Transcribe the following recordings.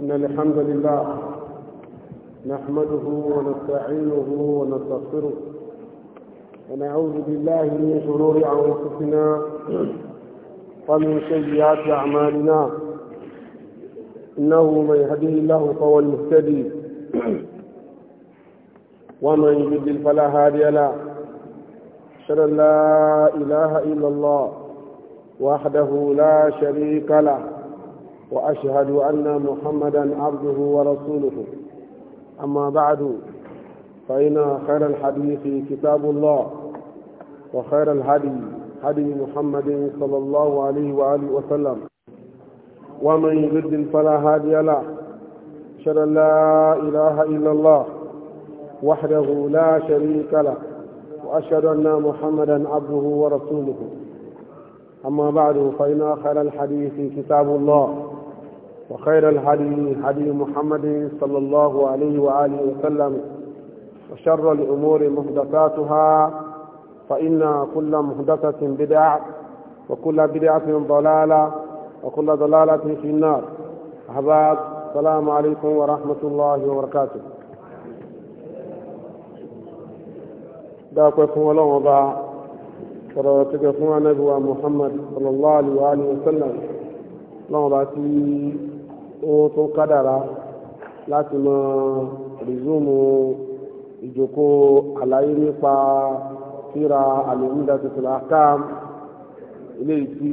إن الحمد لله نحمده ونستعينه ونستغفره ونعوذ بالله من شرور أنفسنا ومن سيئات أعمالنا إنه من يهديه الله فهو المهتدي ومن يضلل فلا هادي له أشهد أن لا إله إلا الله وحده لا شريك له وأشهد أن محمدا عبده ورسوله أما بعد فإن خير الحديث كتاب الله وخير الهدي هدي محمد صلى الله عليه وآله وسلم ومن يرد فلا هادي له أشهد أن لا إله إلا الله وحده لا شريك له وأشهد أن محمدا عبده ورسوله أما بعد فإن خير الحديث كتاب الله وخير الهدي هدي محمد صلى الله عليه وآله وسلم وشر الأمور محدثاتها فإن كل محدثة بدعة وكل بدعة ضلالة وكل ضلالة في النار أحباب السلام عليكم ورحمة الله وبركاته dáàpẹ́ ولو ọlọ́wọ́n bá sọ̀rọ̀ tẹ́gbẹ̀ fún anábíwá muhammad sallallahu alaihi وسلم sallam ó tún kádàrá láti mọ rìzúmù ìjókòó àlàyé nípa kíra àlèmúdà tuntun àkàm eléyìí tí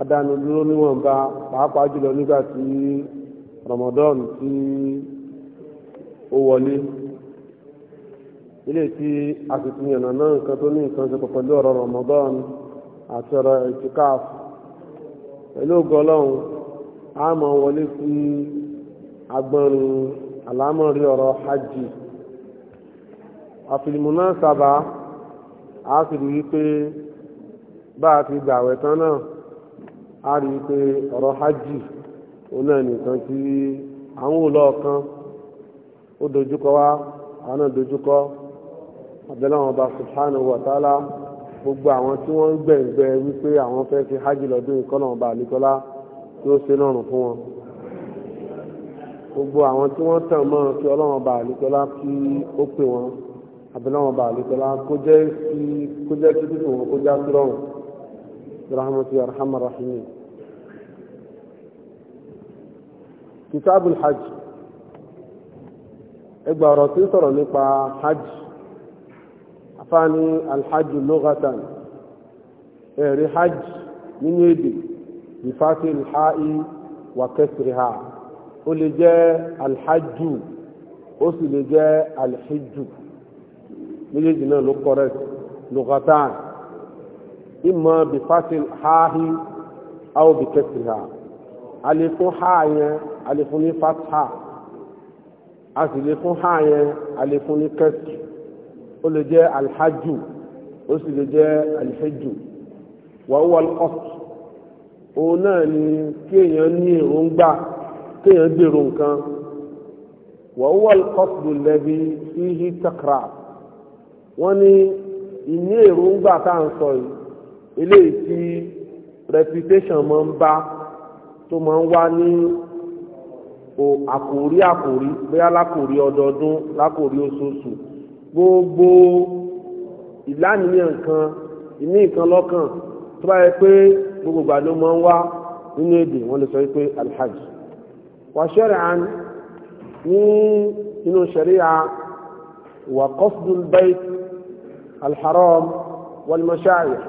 adánudúró níwọ̀nba pàápàá jùlọ nígbà tí Ramadan tí ó wọlé ilé tí a sì ti yànnà náà nǹkan tó ní nǹkan ṣe pẹ̀lú ọ̀rọ̀ Ramadan àti ọ̀rọ̀ ìtìkáf pẹ̀lú ògọlọ́hún a máa wọlé sí agbọ́nrin àlámọ̀rí ọ̀rọ̀ hajj àfìlìmùnà sábà a sì rí wípé bá a ti gbàwẹ̀ tán náà a rí wípé ọ̀rọ̀ hajj òun náà nìkan tí àwọn olóòkan ó dojúkọ wá àwọn náà dojúkọ abẹ́láwọn ọba subhanahu wa ta'ala gbogbo àwọn tí wọ́n ń gbẹ̀ngbẹ́ wípé àwọn fẹ́ fi hajj lọ́dún ìkọ́nà ọba àlíkọ́lá tí ó ṣe lọ́rùn fún wọn gbogbo àwọn tí wọ́n tàn mọ́ kí ọlọ́run bá àlékọ́lá kí ó pè wọ́n àbẹ̀lọ́run bá àlékọ́lá kó jẹ́ kí kó jẹ́ kí títù wọn kó já sí lọ́rùn rahmatu arhamar rahimin kitabul hajj ẹgbà ọ̀rọ̀ tí ń sọ̀rọ̀ nípa hajj afáàní alhajj lugatan ẹ̀rí hajj nínú èdè ìfásí ìlhàí wà kẹsìrìhà ó lè jẹ́ alhajju ó sì lè jẹ́ alhijju méjèèjì náà ló kọ́rẹ́ lùgàtàn ìmọ̀ bìfásí ìlhàí àwọn bìkẹsìrìhà alẹ́kùn ha yẹn alẹ́kùn ní fatha a sì lè fún ha yẹn a lè fún ní kẹ́sì ó lè jẹ́ alhajju ó sì òun náà ni kéèyàn ní èròǹgbà kéèyàn gbèrò nǹkan wọ́wọ́ kọ́sùdù lẹ́bi ihi takra wọ́n ní ìní èròǹgbà tá à ń sọ yìí eléyìí tí reputation máa ń bá tó máa ń wá ní àkòrí àkòrí bóyá lákòrí ọdọọdún lákòrí oṣooṣù gbogbo ìlànìyàn kan ìní nǹkan lọ́kàn tó bá yẹ pé gbogbo ìgbà ló mọ́ ń wá nínú èdè wọ́n lè sọ pé alhaj wà shar'an ní inú sharia wà qasdul bayt alharam wal masha'ir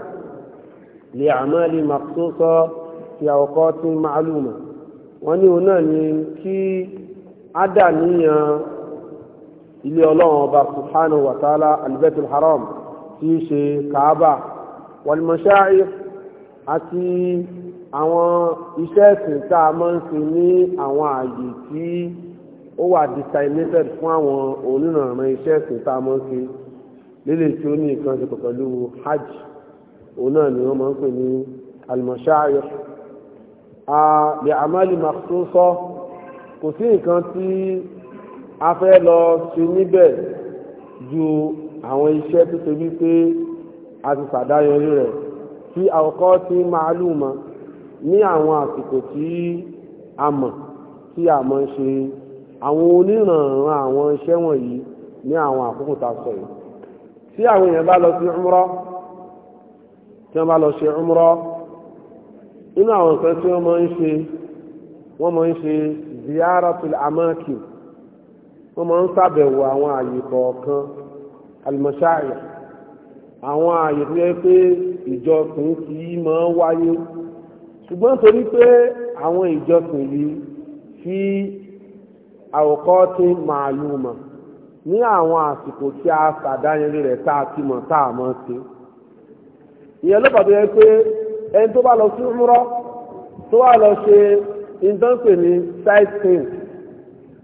li a'mali makhsusa fi awqatin ma'luma wọ́n ní òun náà ni kí á dà níyàn ilé ọlọ́run ọba subhanahu wa ta'ala albetul haram tí í ṣe kaaba wal àti àwọn iṣẹ́ ẹ̀sìn tá a máa ń ṣe ní àwọn ààyè tí ó wà designated fún àwọn onírànran iṣẹ́ ẹ̀sìn tá a máa ń ṣe lílè tí ó ní nǹkan ṣe pẹ̀lú hajj òun náà ni wọ́n máa ń pè ní almashayikh lè àmàlì makhsusa kò sí nǹkan tí a fẹ́ lọ ṣe níbẹ̀ ju àwọn iṣẹ́ tó ṣe wípé a ti ṣàdáyọrí rẹ̀ fi awqati ma'luma ní àwọn àsìkò tí a mọ̀ tí a mọ̀ ń ṣe àwọn onírànràn àwọn iṣẹ́ wọ̀nyí ní àwọn àkókò tá a sọ yìí tí àwọn èèyàn bá lọ sí umrah tí wọ́n bá lọ ṣe umrah inú àwọn nǹkan tí wọ́n máa ń ṣe wọ́n máa ń ṣe ziyaratul amakin wọ́n máa ń ṣàbẹ̀wò àwọn àyè kọ̀ọ̀kan al àwọn àyè tó yẹ pé ìjọsìn tí máa ń wáyé ṣùgbọ́n torí pé àwọn ìjọsìn yìí fi àwòkọ́ tí màálù mọ̀ ní àwọn àsìkò tí a ṣàdáyẹnrí rẹ̀ tá a ti mọ̀ tá a mọ̀ ṣe ìyẹn ló pàtó yẹ pé ẹni tó bá lọ sí múrọ́ tó wà lọ ṣe ìdánsè ní sightseeing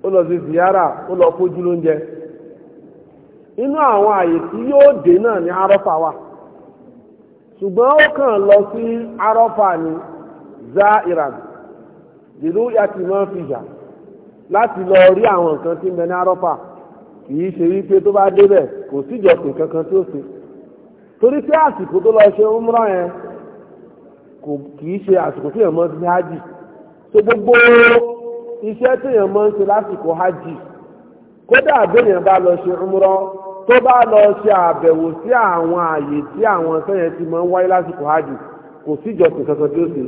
ó lọ sí ziyara ó lọ fojú lóúnjẹ inú àwọn àyè tí yóò dé náà ní arọ́fà wà ṣùgbọ́n ó kàn lọ sí arọ́fà ní zairan ìlú yàtì máa fi yà láti lọ rí àwọn nǹkan tí ń bẹ ní arọ́fà kì í ṣe wípé tó bá débẹ̀ kò síjọsìn kankan tó ṣe torí pé àsìkò tó lọ ṣe umra yẹn kì í ṣe àsìkò tí èèyàn máa ń ṣe hajj tó gbogbo iṣẹ́ tí èèyàn máa ń ṣe lásìkò hajj kódà béèyàn bá lọ ṣe umra tó bá lọ ṣe àbẹ̀wò sí àwọn ààyè tí àwọn sẹ́yìn ti máa ń wáyé lásìkò hajj kò síjọsìn kankan tí ó ṣe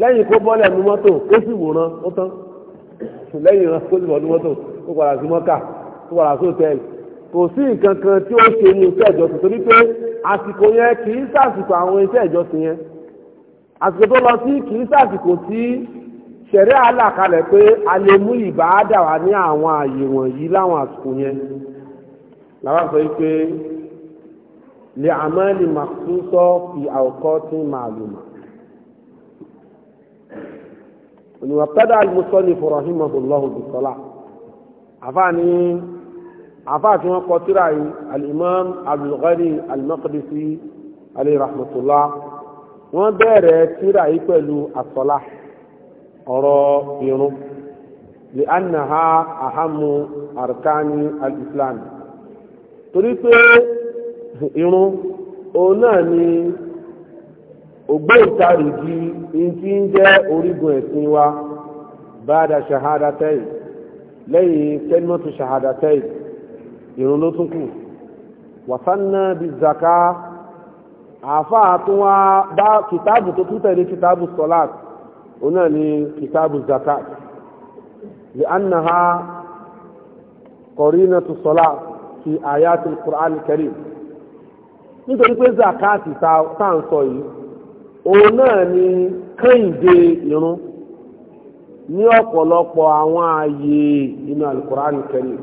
lẹ́yìn kó bọ́lẹ̀ nu mọ́tò ó sì wòran ó tán lẹ́yìn ìran kó sì bọ̀ nu mọ́tò ó padà sí mọ́kà ó padà sí hòtẹ́ẹ̀lì kò sí nǹkan kan tí ó ṣe ní iṣẹ́ ìjọsìn torí pé àsìkò yẹn kì í sàsìkò àwọn iṣẹ́ ìjọsìn yẹn àsìkò tó lọ sí kì í sàsìkò tí ṣẹ̀rẹ́ àlàkalẹ̀ pé a lè mú ìbáàdà wá ní àwọn ààyè wọ̀nyí láwọn àsìkò yẹn làwọn sọ pé lè àmọ́lì màkúsọ́ fi àwòkọ́ tí màlúmà. oníwàpẹ́dà alùmùsọ́lì rahimahullahu bisọ́lá àfáàní àfáà tí wọ́n kọ tírà yìí al-imam abdulghani al-maqdisi alayhi rahmatullah wọ́n bẹ̀rẹ̀ tírà yìí pẹ̀lú asọ́lá ọ̀rọ̀ irun li annaha ahamu arkani al torí pé irun òun náà ni ògbóǹtarìgì ìtí ń jẹ́ orígun ẹ̀sìn wa báadà ṣahadatẹ́yì lẹ́yìn kẹ́lmọ́tù ṣahadatẹ́yì ìrun ló tún kù wàsánà bí zaka àáfàá tó wá bá kìtàbù tó tún tẹ̀lé kìtàbù sọ́láàt òun náà ni kìtàbù zaka lè annaha kọ̀rínà tó sọ́láàt si àyàtì Qur'an Karim nítorí pé zakati tá à ń sọ yìí òun náà ni kẹ́hìndé irun ní ọ̀pọ̀lọpọ̀ àwọn ààyè inú alukur'an kẹrin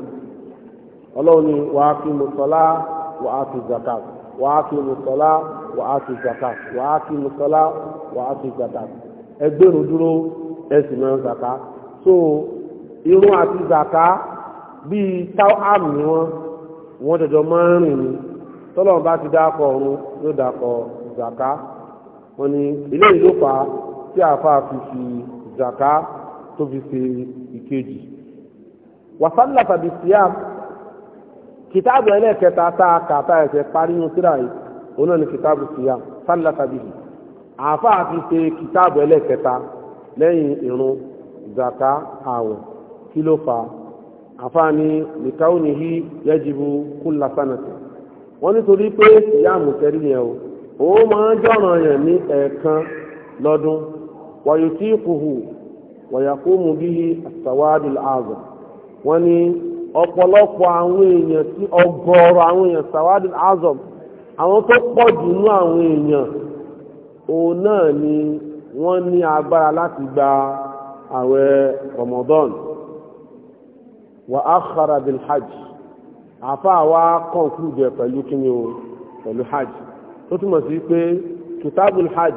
ọlọ́run ni wà á fi mùsọ́lá wà á fi zakat wà á fi wà zaka so irun àti zaka bíi wọn wọ́n jọjọ márùn ún tọ́lọ́run bá ti dákọ̀ ọ̀run yóò dákọ̀ zaka wọ́n ní ilé ìlú pa tí àáfàá fi fi zaka tó fi ṣe ìkejì wàsálà tàbí siam kìtàbù ẹlẹ́ẹ̀kẹta tá a kà tá a ẹ̀sẹ̀ parí ní síra yìí òun náà ní kìtàbù siam sálà tàbí yìí àáfàá fi ṣe kìtàbù ẹlẹ́ẹ̀kẹta lẹ́yìn ìrun zaka àwẹ̀ kí ló fà á àfáàní nìkáwó nìyí yẹjibu kula sánàtì wọ́n nítorí pé ìyá àmùtẹ́rí yẹn o ó máa ń jọ̀ràn yẹn ní ẹ̀ẹ̀kan lọ́dún wàyòtí kùhù wàyàkómù bíi àtàwádìí ààbò wọ́n ní ọ̀pọ̀lọpọ̀ àwọn èèyàn tí ọgọ́rọ̀ àwọn èèyàn sàwádìí azọm àwọn tó pọ̀ jù nú àwọn èèyàn òun náà ni wọ́n ní agbára láti gba àwẹ̀ Ramadan wà á xara bil hajj àfa wa kọ́ńkúrúdẹ̀ pẹ̀lú kíni o pẹ̀lú hajj tó túmọ̀ sí pé kitabul hajj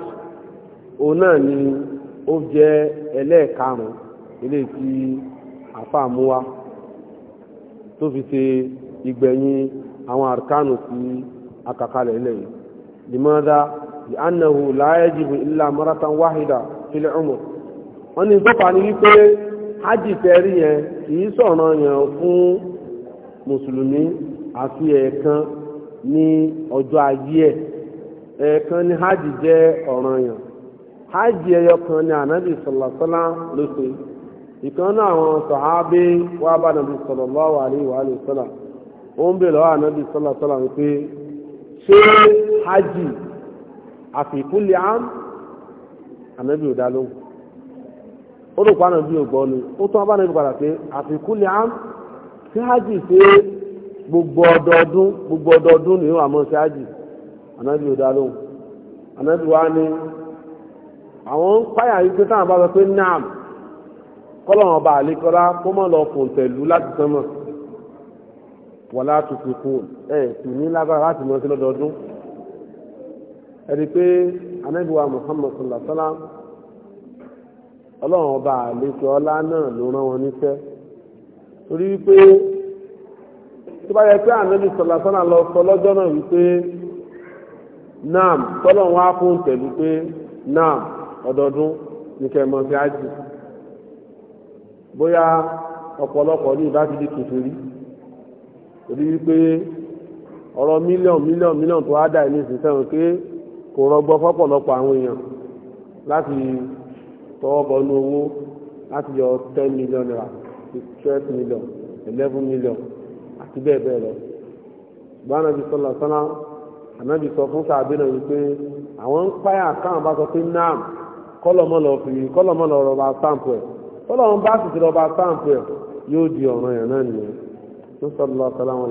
òun náà ni ó jẹ́ ẹlẹ́ẹ̀karùn-ún eléyìí tí àfa mú wa tó fi ṣe ìgbẹ̀yìn àwọn àrkánù tí akakalẹ̀ lẹ́yìn limada di annahu la yajibu illa wahida fil umr wọ́n ní tọ́pa ni wípé hajj tẹ́rí yẹn kìí sọ̀rọ̀ yẹn fún mùsùlùmí àfi ẹ̀ẹ̀kan ní ọjọ́ ayé ẹ̀ ẹ̀ẹ̀kan ní hajj jẹ́ ọ̀ràn yẹn hajj ẹyọkan ní anabi sọlọsọlá ló ṣe ìkan náà àwọn sọ̀hábé wà bá anabi sallallahu alaihi wa alihi wasallam ó ń lọ́wọ́ anabi sọlọsọlá wípé ṣé hajj àfikún lè anabi ò dá ó lò pa ànábì ògbọ́ ni ó tún abánibí padà pé àfikún ni à ń fi hajj ṣe gbogbo ọdọọdún gbogbo ọdọọdún ni àmọ́ ṣe hajj ànábì ò dá lóhùn ànábì wa ni àwọn ń páyà yìí pé táwọn bá sọ pé naam kọ́lọ́run ọba àlékọ́lá kó mọ̀ lọ fòun tẹ̀lú láti sánmọ̀ wọlá tuntun kù ẹ tù ní lágbára láti mọ̀ sí lọ́dọọdún ẹ̀rí pé ànábì wa Muhammad sallallahu alaihi wa sallam ọlọ́run ọba àlejò ọlá náà ló rán wọn níṣẹ́ torí wípé tó bá yẹ pé ànábì sọlá sọ́nà lọ sọ lọ́jọ́ náà wípé nam tọ́lọ̀ wá fún tẹ̀lú pé nam ọdọọdún ní kẹmọ sí ájì bóyá ọ̀pọ̀lọpọ̀ ní ìbátidí tuntun rí torí wípé ọ̀rọ̀ mílíọ̀n mílíọ̀n mílíọ̀n tó á dà ní ìsinsẹ́yìn pé kò rọgbọ fọ́pọ̀lọpọ̀ àwọn èèyàn láti tọwọ́ bọ ní owó láti yọ ten million naira twelve million eleven million àti bẹ́ẹ̀ bẹ́ẹ̀ lọ. báwọn ẹbí sọ lọ́sánná ànábì sọ fún sàbí náà wípé àwọn ń páyà káwọn bá sọ pé nam kọlọmọ lọ fi kọlọmọ lọ rọba stamp ẹ kọlọmọ bá sì ti rọba stamp ẹ yóò di ọ̀ràn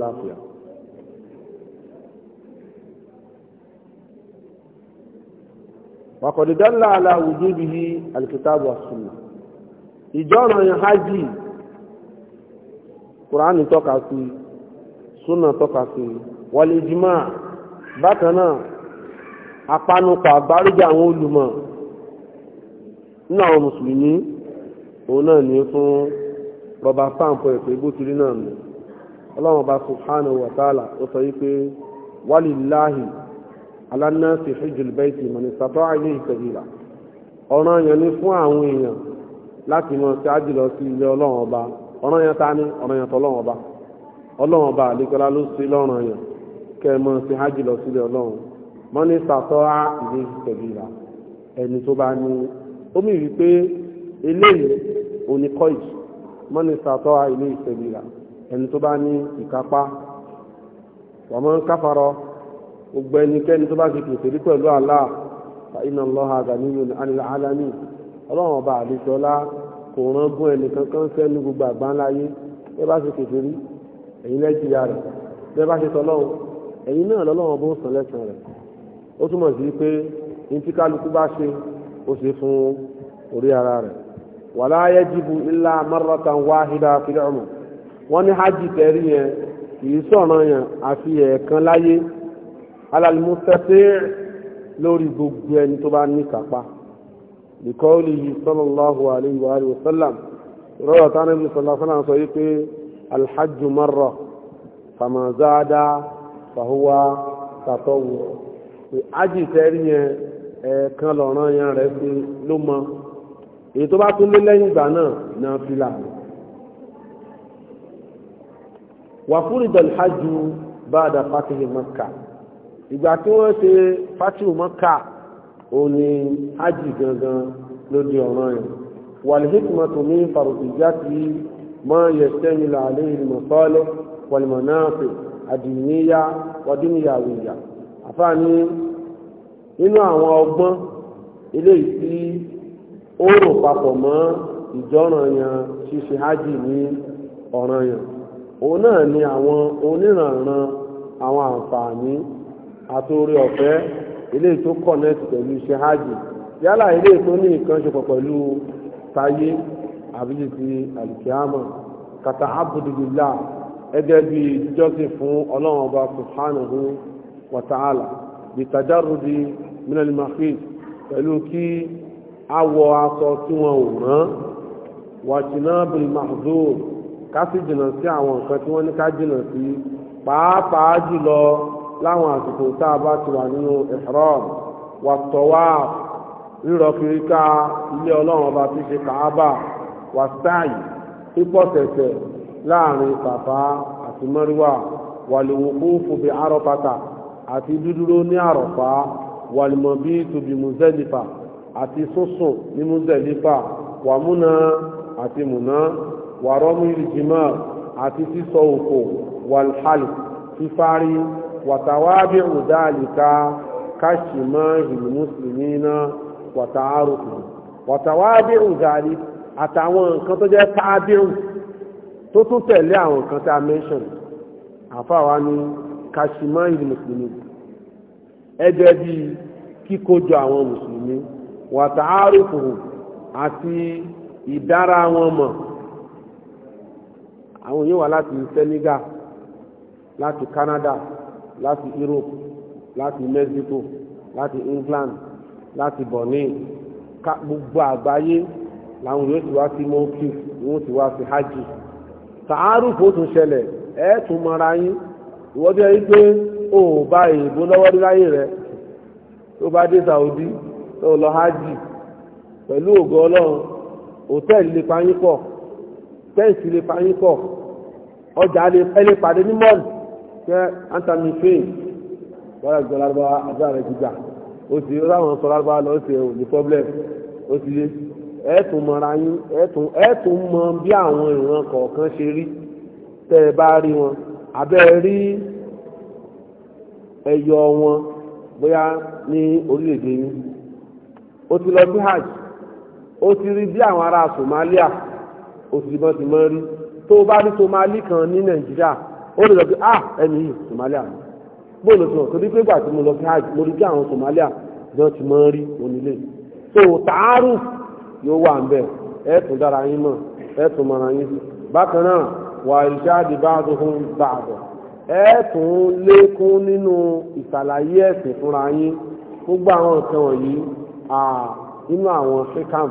náà wàkọ̀dé dọ́là aláwùjú bí i alkitabu asùnà ìjọ́rọ̀ yẹn hajj kùránì tọ́ka sí súnà tọ́ka sí wọlé jimá bákan náà apanupọ̀ àgbáríjọ àwọn olùmọ̀ nínú àwọn mùsùlùmí òun náà ní fún rọba sáǹpọ̀ ẹ̀pẹ́ bótúrí náà nù ọlọ́run ọba subhanahu wa ta'ala ó sọ yí pé wálìláhìí alánàásì hijjul bayti man istata'a ilayhi sabila ọ̀ràn yẹn ni fún àwọn èèyàn láti mọ ṣáájú lọ sí ilé ọlọ́run ọba ọ̀ràn yẹn ta ni ọ̀ràn yẹn tọ́lọ́run ọba ọlọ́run ọba àlekọ́lá ló ṣe lọ́ràn yẹn kẹ́ ẹ mọ ṣe hajj lọ sílé ọlọ́run man istata'a ilayhi sabila ẹni tó bá ní omi rí pé eléyìí òní kọ́ìjì man istata'a ilayhi sabila ẹni tó bá ní ìkápá wa man kafara gbogbo ẹnikẹ́ni tó bá fi kèfèrí pẹ̀lú Allah fa inna Allaha ghaniyyun 'anil 'alamin ọlọ́run ọba àdìsọ́lá kò rán gún ẹnìkan kan sẹ́nu gbogbo àgbáńláyé bẹ́ẹ̀ bá ṣe kèfèrí ẹ̀yin lẹ́jìyà rẹ̀ bẹ́ẹ̀ bá ṣe tọ́lọ́run ẹ̀yin náà lọ́lọ́run bó ń sàn lẹ́sàn rẹ̀ ó túmọ̀ sí pé ní tí kálukú bá ṣe ó ṣe fún orí ara rẹ̀ wala yajibu illa marratan wahida fil 'umr wọ́n ní hajj tẹ́rí yẹn kì í sọ̀ràn yẹn àfi ẹ̀ẹ̀kan láyé alalimusafir lórí gbogbo ẹni tó bá ní kápá bìkọ́ọ̀lì yìí sallallahu alayhi wa sallam rọ́rọ̀ tánà bí sallallahu alayhi wa sọ wípé alhajju marra famazada fahuwa tatawwu ájì tẹ́rí yẹn ẹ̀ẹ̀kan lọ́rán yẹn rẹ̀ sí ló mọ èyí tó bá tún ìgbà tí wọ́n ṣe fatihu mọ́kà òní hajj gangan lóde ọ̀ràn yẹn wàlíhìkìmọ̀ tó ní faruqiyya ti mọ́ yẹ̀sẹ́mìlà alayhi al-masalih wal-manafi ad-diniyya wa dunyawiyya àfáàní nínú àwọn ọgbọ́n eléyìí tí O papọ̀ mọ́ ìjọ́ràn ṣíṣe ní òun náà ni àwọn àwọn àǹfààní àtòrí ọ̀fẹ́ eléyìí tó kọ̀nẹ́tì pẹ̀lú iṣẹ́ hajj yálà eléyìí tó ní nǹkan ṣe pọ̀ pẹ̀lú tayé àbíyí ti alikiyama kàtà abudulilá ẹgẹ́ bí jíjọ́sìn fún ọlọ́run ọba subhanahu wa ta'ala bitajarudi minali mahid pẹ̀lú kí awọ aṣọ tí wọn ò rán wàtìná bil mahzur ká sì jìnnà sí àwọn nǹkan tí wọ́n ní ká jìnnà sí pàápàá jùlọ láwọn àsìkò tá a bá ti wà nínú ihram wà tawaf rírọ kiri ká ilé ọlọ́run ọba tí ṣe kàábà wà sáàyè pípọ̀sẹ̀sẹ̀ láàrin Safa àti Marwa wàlúwòkúfù bí arọ́pàtà àti dúdúró ní àrọ̀fà wàlùmọ̀bíìtù bí mùzẹ́lìfà àti sùnsùn ní mùzẹ́lìfà wàmúnà àti múná wàrọ́mú ìrìjìmọ̀ àti sísọ òkò wàlhálì fífárí wàtàwábí ọ̀dáàlìká káṣìmọ́ ìlú mùsùlùmí náà wàtàárùkù wàtàwábí ọ̀dáàlì àtàwọn nǹkan tó jẹ́ tábírù tó tún tẹ̀lé àwọn nǹkan tá a mention àfáwa ní káṣìmọ́ ìlú mùsùlùmí ẹgbẹ́ bí kíkójọ àwọn mùsùlùmí wàtàárùkù àti ìdára wọn mọ̀ àwọn yóò wá láti Senegal láti Canada láti Europe láti Mexico láti England láti Benin ká gbogbo àgbáyé làwọn yóò ti wá sí mọ́kì wọ́n ti wá sí hajj tààrùfò tún ṣẹlẹ̀ ẹ̀ tún mọ́ra yín ìwọ́dí ẹ̀yí pé o ò bá èèbó lọ́wọ́ rí láyé rẹ̀ tó bá dé Saudi tó lọ hajj pẹ̀lú ògo Ọlọ́run hòtẹ́ẹ̀lì lè pa yín pọ̀ tẹ́ǹsì lè pa yín pọ̀ ọjà lè pẹ́lẹ́ pàdé ní mọ́ọ̀lù kẹ́ antamifin wọ́n yàgbọ́ lárúbáwá àbúrò rẹ̀ ti gbà ó ti ó láwọn sọ lárúbáwá lọ ṣe ò ní problem ó ti yé ẹ̀ẹ́tùn mọ́ra yín ẹ̀ẹ́tùn ẹ̀ẹ́tùn mọ bí àwọn ìran kọ̀ọ̀kan ṣe rí tẹ́ ẹ bá rí wọn abẹ́ rí ẹyọ wọn bóyá ní orílẹ̀-èdè yín ó ti lọ sí hajj ó ti rí bí àwọn ará Somalia ó ti bọ́n ti mọ́ rí tó bá rí Somali kan ní Nàìjíríà ó lè lọ bí ah ẹni Somalia ni bó lọ sọ torí pé gbà mo lọ fi hajj mo rí kí àwọn Somalia náà ti mọ rí onílé so tààrù yóò wà ń bẹ ẹ tún dára yín mọ ẹ tún mọra yín sí bákan náà wà ìṣáàdì bá tó fún bá a bọ ẹ tún lékún nínú ìsàlàyé ẹsìn fúnra yín gbogbo àwọn nǹkan wọ̀nyí nínú àwọn sikam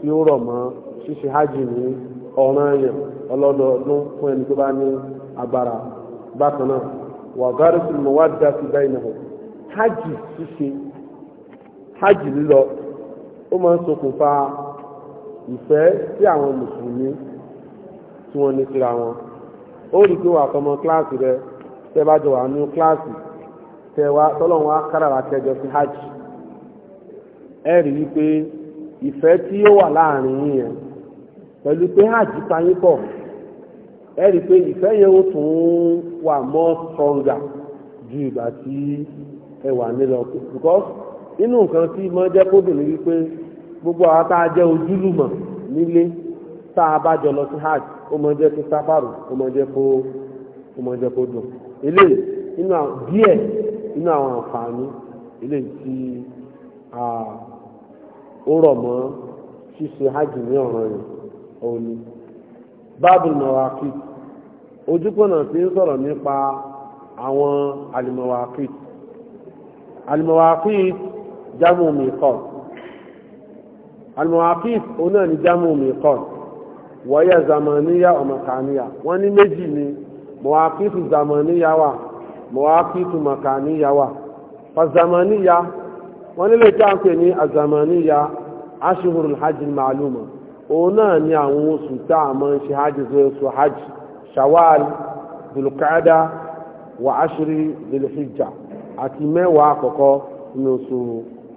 tí ó rọ̀ mọ́ ṣíṣe hajj ní ọ̀ranyàn ọlọ́dọọdún fún ẹni tó bá ní agbara bakana wagarisi mawada si baina ho haji sise haji lilo o ma sokunfa ife si awon musulmi ti won ni sira won o ri pe wa komo klaasi re te ba jo wa ni klaasi te wa tolon wa kara kejo si haji e ri pe ife ti o wa laarin yin pelu pe haji tayin po ẹ i pé ìfẹ́ yẹn ó tún wà mọ́ stronger ju ìgbà tí ẹ wà nílọ because inú nǹkan tí mo jẹ́ kó dùn ní wípé gbogbo àwọn tá a jẹ́ ojúlùmọ̀ nílé tá a bá jọ lọ sí hajj ó mọ jẹ́ kó sáfàrù ó mọ jẹ́ kó ó mọ jẹ́ kó dùn eléyìí inú díẹ̀ inú àwọn àǹfààní eléyìí tí ó rọ̀ mọ́ ṣíṣe hajj ní ọ̀ràn yìí òun ni. báàbù mọ̀wákì ojúkọ̀nà tí ń sọ̀rọ̀ nípa àwọn alìmọ̀wákì alìmọ̀wákì jámù mìíkọ̀t alìmọ̀wákì òun náà ni jámù mìíkọ̀t wọ́yẹ̀ zamaniya ọmọkaniya wọ́n ní méjì ni mọ̀wákì tù zamaniya wà mọ̀wákì tù mọ̀kaniya wà fàzamaniya wọ́n nílé tí a ń pè ní azamaniya ashhurul hajj ma'luma òun náà ni àwọn oṣù tá a máa ń ṣe hajj tó oṣù hajj shawal dulukada wa ashiri dulhijja àti mẹ́wàá àkọ́kọ́ ní oṣù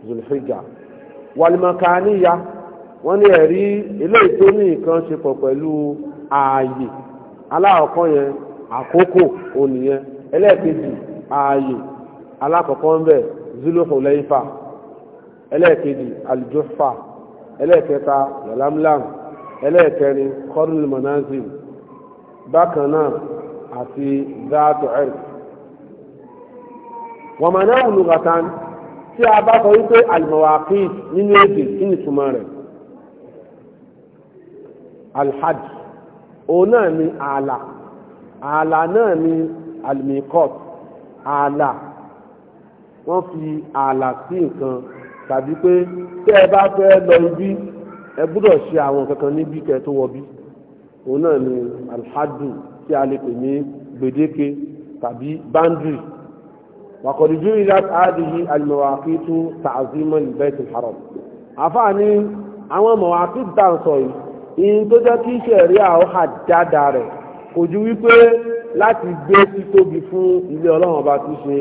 dulhijja walimakaniya wọ́n ní ẹ̀rí eléyìí tó ní nǹkan ṣe pọ̀ pẹ̀lú ààyè aláàkọ́ yẹn àkókò ònìyẹn ẹlẹ́ẹ̀kejì ààyè alákọ̀ọ́kọ́ ń bẹ̀ zuluhu ẹlẹ́ẹ̀kejì aljufa ẹlẹ́ẹ̀kẹta lalamlam ẹlẹ́ẹ̀kẹrin kọ́rùn manazil bákan náà àti zaatu ẹ̀rì wọ́n máa náà wùlù gàtán tí a bá sọ wípé alimawaki nínú èdè nínú ìtumọ̀ rẹ̀ alhaj òun náà ni ààlà ààlà náà ni alimikot ààlà wọ́n fi ààlà sí nǹkan tàbí pé tẹ́ ẹ bá fẹ́ lọ ibi ẹ gbúdọ̀ ṣe àwọn kankan níbi kẹ́ tó wọbi òun náà ni alhadu tí a lè pè ní gbèdéke tàbí bandri wàkọ̀dìjú ilá àdì yìí alìmọ̀wàkí tú tààzímọ̀ ìbẹ́ẹ̀tì haram àfáà ní àwọn mọ̀wàkí dáǹsọ̀ yìí in tó jẹ́ kí ṣẹ̀rí àwọn àjáda rẹ̀ kò ju wípé láti gbé títóbi fún ilé ọlọ́run ọba tí ṣe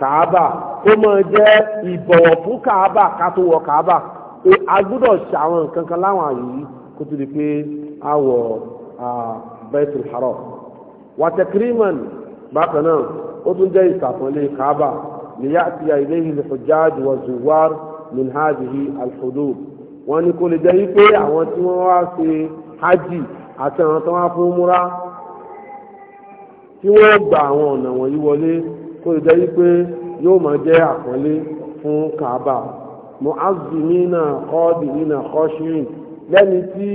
kàábà ó máa jẹ́ ìbọ̀wọ̀ fún kàábà ká tó wọ kàábà a gbọ́dọ̀ ṣe àwọn nǹkan kan láwọn àyè yìí kó tó di pé a wọ Baitul Haram wàtẹ̀kìrìmọ̀n bákan náà ó tún jẹ́ ìsàpọ̀lé kàábà nìyá àti ilé ìlú hujjaj wa zuwar min hadhihi al-hudud wọ́n ní lè jẹ́ wípé àwọn tí wọ́n wá ṣe hajj àti àwọn tó wá fún múra tí wọ́n gba àwọn ọ̀nà wọ̀nyí wọlé kó lè jẹ́ wípé yóò máa jẹ́ àpọ́nlé fún kaaba mu'azzimina qadimina khashirin lẹ́ni tí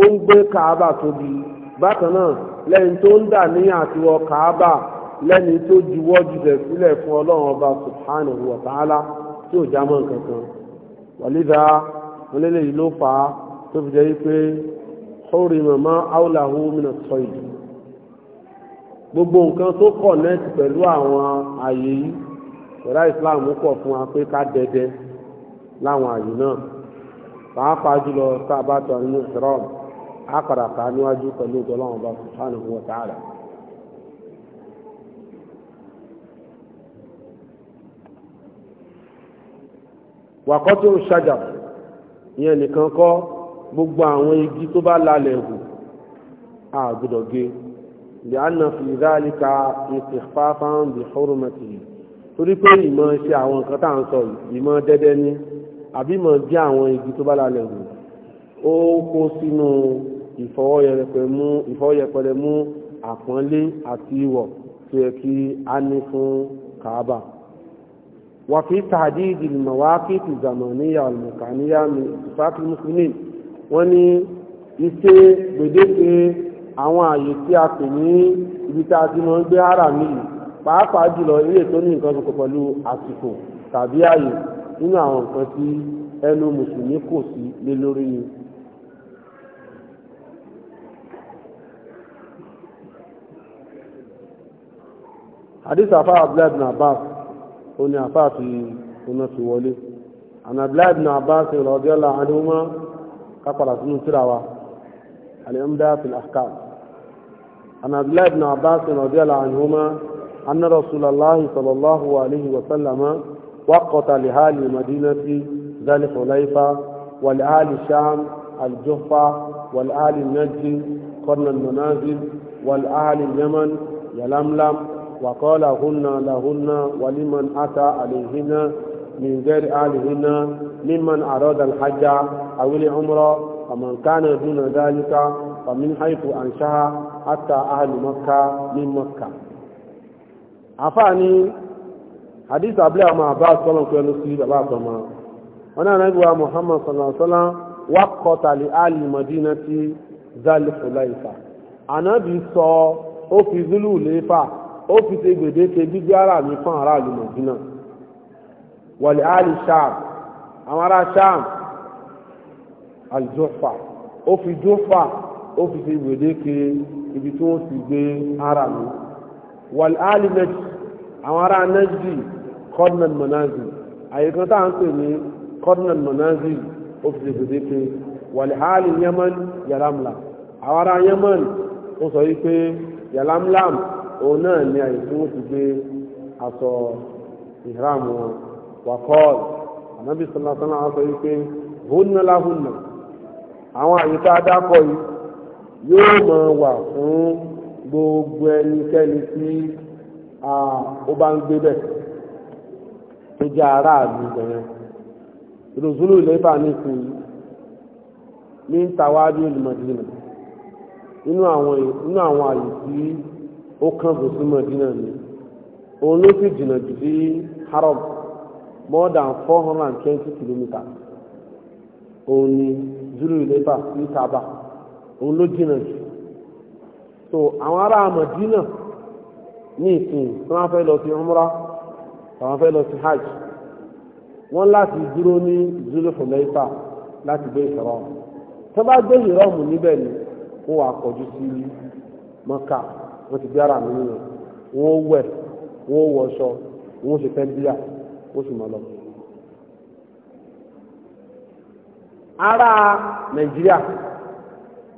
ó ń gbé kaaba tóbi bákan náà lẹ́ni tó ń dà ní àtiwọ́ kaaba lẹ́ni tó juwọ́ jùlẹ̀ sílẹ̀ fún ọlọ́run ọba subhanahu wa ta'ala tí ò já mọ́ nǹkan kan wàlídà mọ́lẹ́lẹ́ ló fà á tó fi jẹ́ wípé hórìmọ̀ mọ́ áwùláhùn mìíràn sọ yìí gbogbo nǹkan tó connect pẹ̀lú àwọn àyè yìí ṣẹ̀dá Islam kọ̀ fún wa pé ká dẹdẹ láwọn àyè náà pàápàá jùlọ tá a bá tọ nínú ìṣòro á padà ká níwájú pẹ̀lú ìgbọ́láwọn ọba subhanahu wa ta'ala. wàkọ́tí ó ṣàjà ìyẹn nìkan kọ́ gbogbo àwọn igi tó bá lálẹ́ hù á gbọ́dọ̀ لأن في ذلك استخفافا بحرمته torí pé ìmọ̀ ṣe àwọn nǹkan tá à ń sọ ìmọ̀ dẹ́dẹ́ ní àbí ìmọ̀ bí àwọn igi tó bá lálẹ́ hù ó kó sínú ìfọwọ́yẹpẹrẹ mú àpọ́nlé àti ìwọ̀ tó yẹ kí a ní fún kaaba wà fi tàdí ìdìlmọ̀ wá kí ti zàmàníyà ọ̀lùmọ̀kàníyà mi ìfàkì mùsùlùmí wọ́n ní iṣẹ́ gbèdéke àwọn àyè tí a pè ní ibi tí a ti mọ́ ń gbé ara mi pàápàá jùlọ ilé tó ní nǹkan kò pẹ̀lú àsìkò tàbí àyè nínú àwọn nǹkan tí ẹnu mùsùlùmí kò sí lé lórí afa abdullahi bin abbas ó ní afa fi oná fi wọlé àna abdullahi bin abbas radiyallahu anhuma kápára sínú tíra wa عن عبد الله بن عباس رضي الله عنهما أن رسول الله صلى الله عليه وسلم وقت لأهل المدينة ذا الحليفة ولأهل الشام الجحفة والأهل النجد قرن المنازل والأهل اليمن يلملم وقال هن لهن ولمن أتى عليهن من غير أهلهن ممن أراد الحج أو العمرة ومن كان دون ذلك فمن حيث أنشأ hatta ahlu Makkah ní Makkah àfáà ní hadith abúlé àwọn àbá sọ́lọ̀ pẹ̀lú sí bàbá àtọ́mọ́ wọn náà náà gbọ́wà Muhammad sọ̀lọ̀sọ́lá wà kọtàlì ahlu Madina ti zalifulaifa ànábì sọ ó fi zulu léfà ó fi ṣe gbèdéke gbígbé ara mi fún aráàlú Madina wàlẹ̀ ahlu Sham àwọn ará Sham al-Juhfa o fi Juhfa o fi ṣe gbèdéke ibi tí wọ́n sì gbé ara mi wàl áàlì nẹ́jì àwọn ará nẹ́jì kọ́dínàn mọ̀náàzì àyíkan tá à ń pè ní kọ́dínàn mọ̀náàzì ó fi ṣèṣèṣe pé wàl áàlì yemen yalamla àwọn ará yemen ó sọ yìí pé yalamlam òun náà ni àyè tí wọ́n sì gbé aṣọ ìhram wọn wàkọ́ọ̀l ànábì sọlá sọlá wọn sọ yìí pé hunna lahunna àwọn àyíká adákọ̀ yìí yóò mọ wà fún gbogbo ẹnikẹ́ni tí ó bá ń gbé bẹ̀ tó jẹ́ aráàlú bẹ̀rẹ̀ ìròzúlù lẹ́bà ní ìsìn ní tàwádìí olùmọ̀dínà nínú àwọn nínú àwọn àyè tí ó kàn kò sí mọ̀dínà ni òun ló sì jìnnà jù sí harrob more than four hundred zulu ní òun ló jìnnà jù so àwọn ará Mádínà ní ìsìn tí wọ́n fẹ́ lọ sí umra àwọn fẹ́ lọ sí hajj wọ́n láti dúró ní Zulhulayfa láti gbé ìṣòro tó bá gbé ìrọ́mù níbẹ̀ ni wọ́n wà kọjú sí mọ́kà wọ́n ti bí ara mi nínú wọ́n wẹ̀ wọ́n wọṣọ wọ́n ṣe fẹ́ bíyà wọ́n sì mọ́ lọ. ará Nàìjíríà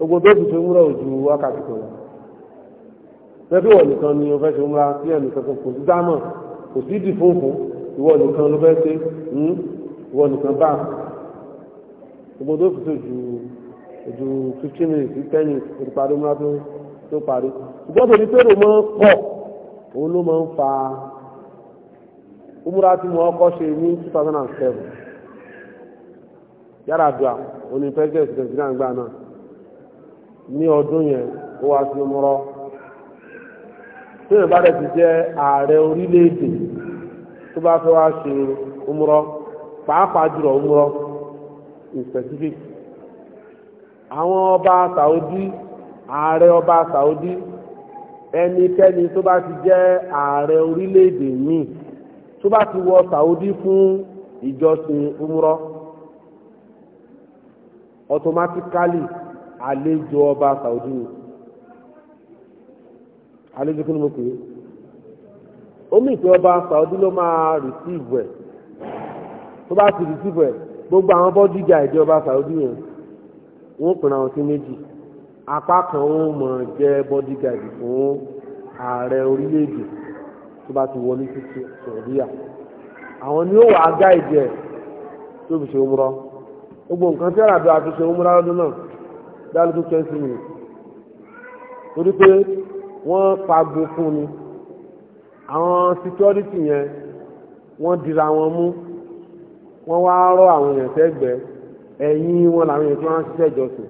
gbogbo tó fi ṣe múra òjò wákàtí kan lẹ́bí wọ̀ nìkan ni o fẹ́ ṣe múra sí ẹnìkan kan kò sí dámọ̀ kò sí ìdí fún fún ìwọ nìkan ló fẹ́ ṣe hmm? ìwọ nìkan bá gbogbo tó fi ṣe ju ojú fifteen minutes sí ten minutes kò parí múra tó tó parí ṣùgbọ́n tòní pérò mọ́ pọ̀ òun ló máa ń fa umura tí mo kọ́ ṣe ní 2007. thousand and seven yàrá àdúrà òní president nàìjíríà ń gbà náà ní ọdún yẹn ó wá sí múrọ́ tí ìbá rẹ̀ ti jẹ́ ààrẹ orílẹ̀-èdè tó bá fẹ́ wá ṣe múrọ́ pàápàá jùlọ múrọ́ in specific àwọn ọba Saudi ààrẹ ọba Saudi ẹnikẹ́ni tó bá ti jẹ́ ààrẹ orílẹ̀-èdè míì tó bá ti wọ Saudi fún ìjọsìn múrọ́ automatically àlejò ọba Saudi àlejò kí ni mo pè é omi ìpè ọba Saudi ló máa rìsíìvù ẹ̀ tó bá ti rìsíìvù ẹ̀ gbogbo àwọn bọ́dígà ìjọba Saudi yẹn wọ́n pèrè àwọn sí méjì apá kan ó mọ̀ jẹ́ bọ́dígà fún ààrẹ orílẹ̀-èdè tó bá ti wọlé sí Saudiya àwọn ni ó wà á gáìdì ẹ̀ tó fi ṣe ń rọ gbogbo nǹkan tí àràbí àti ṣe ń múra lọ́dún náà dálógún twenty minutes torí pé wọ́n pagbo fún ni àwọn security yẹn wọ́n dira wọn mú wọ́n wá rọ́ àwọn èèyàn sẹ́gbẹ̀ẹ́ ẹ̀yìn wọn làwọn èèyàn tí wọ́n ń ṣiṣẹ́ ìjọsìn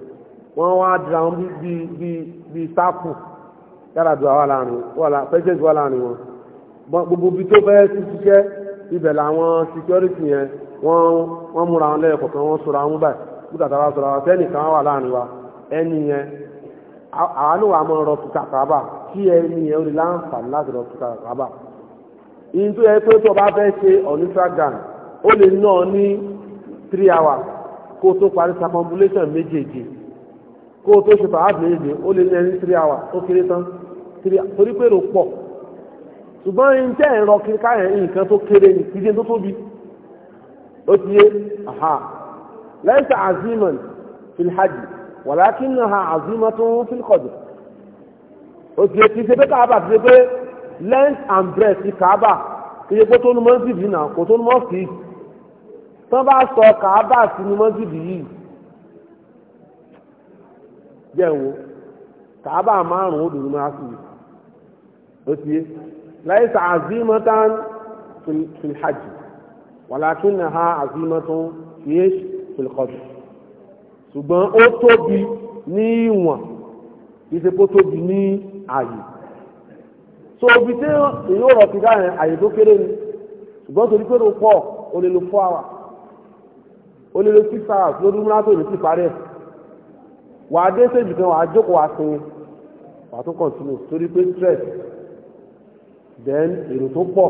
wọ́n wá dira wọn bí bí bí sáàpù yàrá dùn àwọn láàrin wọn pẹ́jẹ́sì wà láàrin wọn gbogbo ibi tó fẹ́ ṣiṣẹ́ ibẹ̀ làwọn security yẹn wọ́n wọ́n múra wọn lẹ́yìn kọ̀ọ̀kan wọ́n sọra wọn báyìí kúta tàbá sọra wọn sẹ́nìkan wà láàrin wa ẹni yẹn àwọn náà wà á ki rọ kùtà kàbà kí ẹni yẹn ó lè láǹfààní láti rọ kùtà o le tó yẹ pé tó bá fẹ́ ṣe on Instagram ó lè ná ọ ní three hours kó o tó parí circumambulation méjèèjì kó o tó ṣe fàá méjèèjì ó lè ní three hours ó kéré tán torí pé ló pọ̀ ṣùgbọ́n ẹni tẹ́ káyọ̀ nǹkan tó kéré ní tó tóbi ó ti yé aha lẹ́sẹ̀ aziman filhaji walakinnaha azimatun fil qadr òtù ètí ṣe pé káàbà ti ṣe pé length and breadth ti káàbà iye pé tó ní mọ́sídìí náà kò tó ní mọ́sídìí tí wọ́n bá sọ káàbà sí ní mọ́sídìí yìí jẹ́wò káàbà márùn-ún òdòdó máa sì yìí ó ti yé láìsà àzímọ́tán fil hajj walakinnaha àzímọ́tún fi é fil qadr. ṣùgbọ́n ó tóbi ní ìwọ̀n ìsepò tóbi ní àyè so obi tí èyí ò rọ̀ ti dá yẹn àyè tó kéré ni ṣùgbọ́n torí pé ó pọ̀ ó lè lo four hours ó lè lo six hours lórí múlá tó ti parí ẹ̀ wàá dé séjì kan wàá jókòó wàá sinmi wàá tó continue torí pé stress then èrò tó pọ̀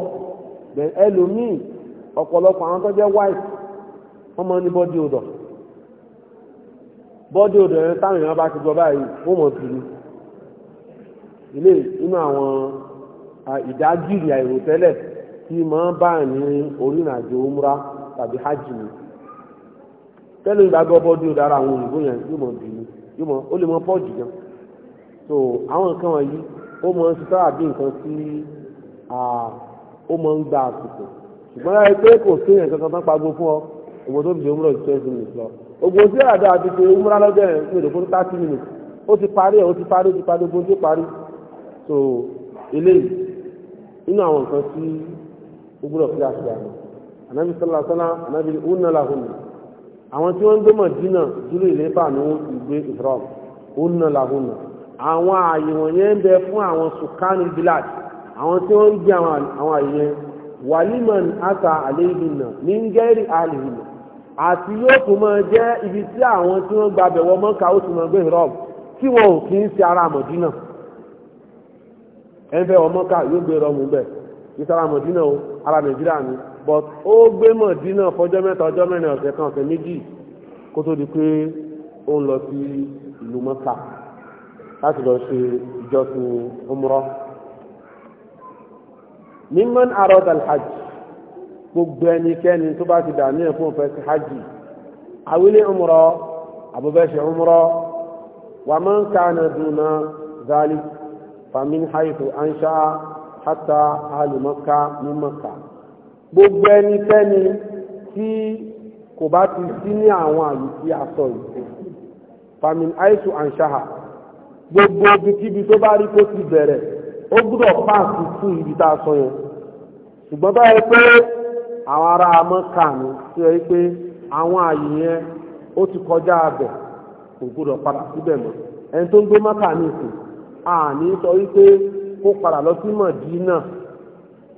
then ẹlòmíì ọ̀pọ̀lọpọ̀ àwọn tó jẹ́ white wọ́n máa ní body odor. bọ́dí odò ẹ̀rẹ́ táwọn èèyàn bá ti gbọ́ báyìí ó mọ̀ sí ilé inú àwọn ìdágìrì àìròtẹ́lẹ̀ tí ma ń bá ní orírìnàjò umra tàbí hajj ni tẹ́lẹ̀ ìgbàgbọ́ bọ́dí odò àwọn òyìnbó yẹn yóò mọ̀ so àwọn nǹkan wọ̀nyí ó mọ̀ ń àbí nǹkan ó mọ̀ ń gba àsìkò ṣùgbọ́n pé tán pagbo fún ọ ogun tí àdá àti ṣe umra lọ́jọ́ yẹn ní ìdòkó thirty minutes ó ti parí ẹ̀ ó ti parí ó ti parí ogun tí ó parí so eléyìí inú àwọn nǹkan tí ó gbúdọ̀ fi àṣẹ àná anabi sọlá sọlá anabi una lahun àwọn tí wọ́n ń gbé Mọ̀dínà dúró ìlébà ni wọ́n ti gbé ìfúrọ̀m una lahun àwọn ààyè wọ̀nyẹn ń bẹ fún àwọn sukani bilad àwọn tí wọ́n ń gbé àwọn ààyè yẹn wàlímọ̀ ata àléhìnà ní ń gẹ́rì àléhìnà àti yóò tún máa jẹ́ ibi tí àwọn tí wọ́n gba bẹ̀wọ̀ mọ́ka ó tún máa gbé ìrọ́ọ̀bù tí wọn ò kí ń ṣe ara mọ̀dínà ẹnfẹ́ wọn mọ́ka yóò gbé ìrọ́ọ̀bù bẹ̀ kí sára mọ̀dínà o ara nàìjíríà ni but ó gbé mọ̀dínà fọjọ́ mẹ́ta ọjọ́ mẹ́rin ọ̀sẹ̀ kan ọ̀sẹ̀ méjì kó tó di pé ó ń lọ sí ìlú mọ́ka láti lọ ṣe ìjọsìn umrah mimman arad al gbogbo ẹnikẹ́ni tó bá ti dàní ẹ̀ fún òfẹ́ sí hajj wà máa ń ká na dùnà zali famin haifu hata alùmọ́ká ní gbogbo ẹnikẹ́ni tí kò bá ti sí ní àwọn àyè tí a sọ yìí famin haifu gbogbo ibikíbi tó bá rí kó ti bẹ̀rẹ̀ ó ibi tá a sọ yẹn ṣùgbọ́n àwọn ará amọ́kànú tó yẹ pé àwọn àyè yẹn ó ti kọjá abẹ kò gbọdọ̀ padà síbẹ̀ mọ́ ẹni tó ń gbé mọ́kànú ìsìn àní sọ wípé kó padà lọ sí mọ̀dínà